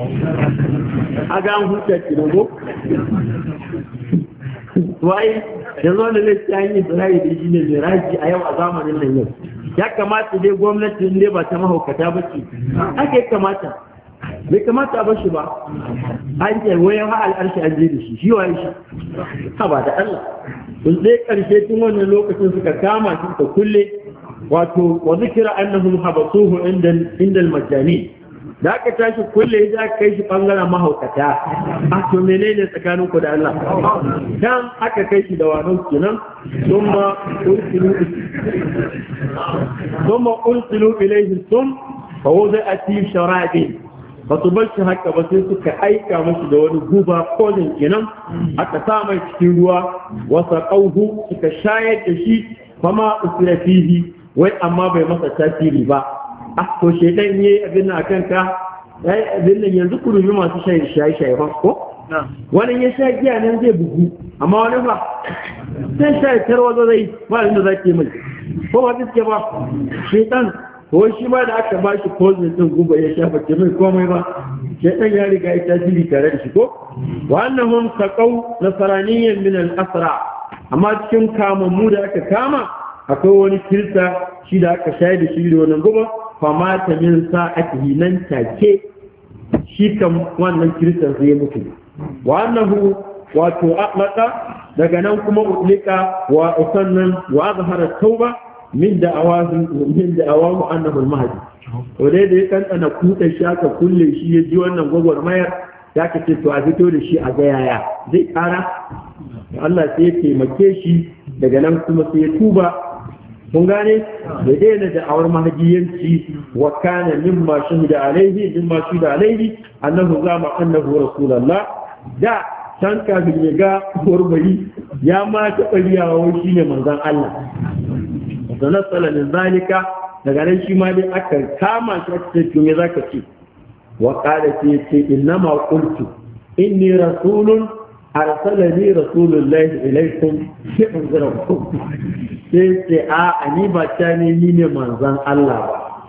Speaker 1: a ga an huta kinogo wai yanzu wanda zai hanyar da shi ne mai a yau a zamanin nan yau ya kamata dai gwamnati ne ba ta mahaukata ba ce haka kamata bai kamata ba shi ba an ce wayan ha al'arshi an je shi shi waye shi ha ba da Allah sun sai karshe tun wannan lokacin suka kama shi ta kulle wato wa zikira annahum habasuhu inda inda al-majani da aka tashi kulle za ka kai shi bangaren mahaukata a to menene tsakanin ku da Allah dan aka kai shi da wano kenan thumma ulsilu ma ulsilu ilayhi sum fa wuzi ati sharabi ba su bar shi haka ba sai suka aika mashi da wani guba kolin kinan aka sa mai cikin ruwa wasa kauhu suka shayar da shi fama usira fihi wai amma bai masa tasiri ba ko ah, to shedan yi abin nan akan ka ai eh, abin nan yanzu ku rubi masu shayi shayi shayi ba ko wani ya sha giya nan zai bugu amma wani ba sai shayi tarwazo zai ba inda za ki mai ko ba gaske ba shedan ko shi ma da aka ba shi kozin din guba ya sha ba ke mai komai ba shedan ya riga ya tasiri tare da shi ko wannan hum taqaw nasaraniyyan min al-asra amma cikin kamammu da aka kama akwai wani kirista shi da aka shayar da shi da wannan goma? fama ta min sa'atihi nan take shi kan wannan kiristan zai mutu wa annahu wato atlaka daga nan kuma utlika wa sannan wa azhara tauba min da da'awahu min da'awahu annahu al-mahdi to dai da ya ana kuta shi aka kulle shi ya ji wannan gwagwarmayar ya ka ce to a fito da shi a gayaya. yaya zai kara Allah sai ya taimake shi daga nan kuma sai ya tuba kun gane da daina da awar mahajiyanci wa kana mimma shahida alaihi mimma shahida alaihi annahu zama annahu rasulullah da san ka ya ga gurbari ya ma taɓa riyawa shi ne manzon Allah da nasala min zalika daga nan shi ma dai aka kama shi a cikin to me zaka ce wa qala ce ce ma qultu inni rasulun arsalani rasulullahi ilaikum ki unzira ku sai ce a ni ba ta ne ni ne manzan Allah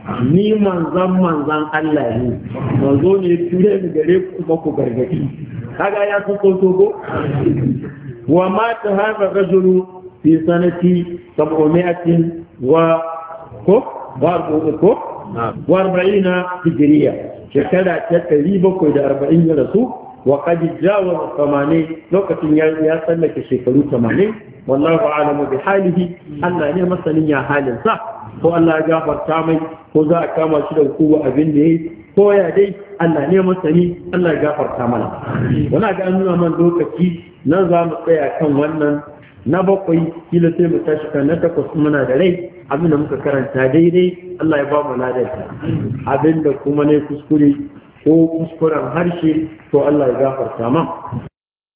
Speaker 1: ba ni manzan manzan Allah ne manzo ne ture ni gare ku kuma ku gargadi kaga ya san ko ko wa ma ta hada rajulu fi sanati 700 wa ko wa ko wa 40 hijriya shekara ta 740 ya rasu wa qad jawaza samani lokacin ya ya tsallake shekaru 80 wallahu a'lamu bi halihi Allah ne masanin ya halin sa ko Allah ya gafarta mai ko za a kama shi da hukuma abin da yayi ko ya dai Allah ne masani Allah ya gafarta mana wani ga an nuna man lokaci nan za mu tsaya kan wannan na bakwai kila sai mu tashi kan na takwas muna da rai abin da muka karanta daidai Allah ya ba mu ladarta abin da kuma ne kuskure ko kuskuren harshe to Allah ya gafarta man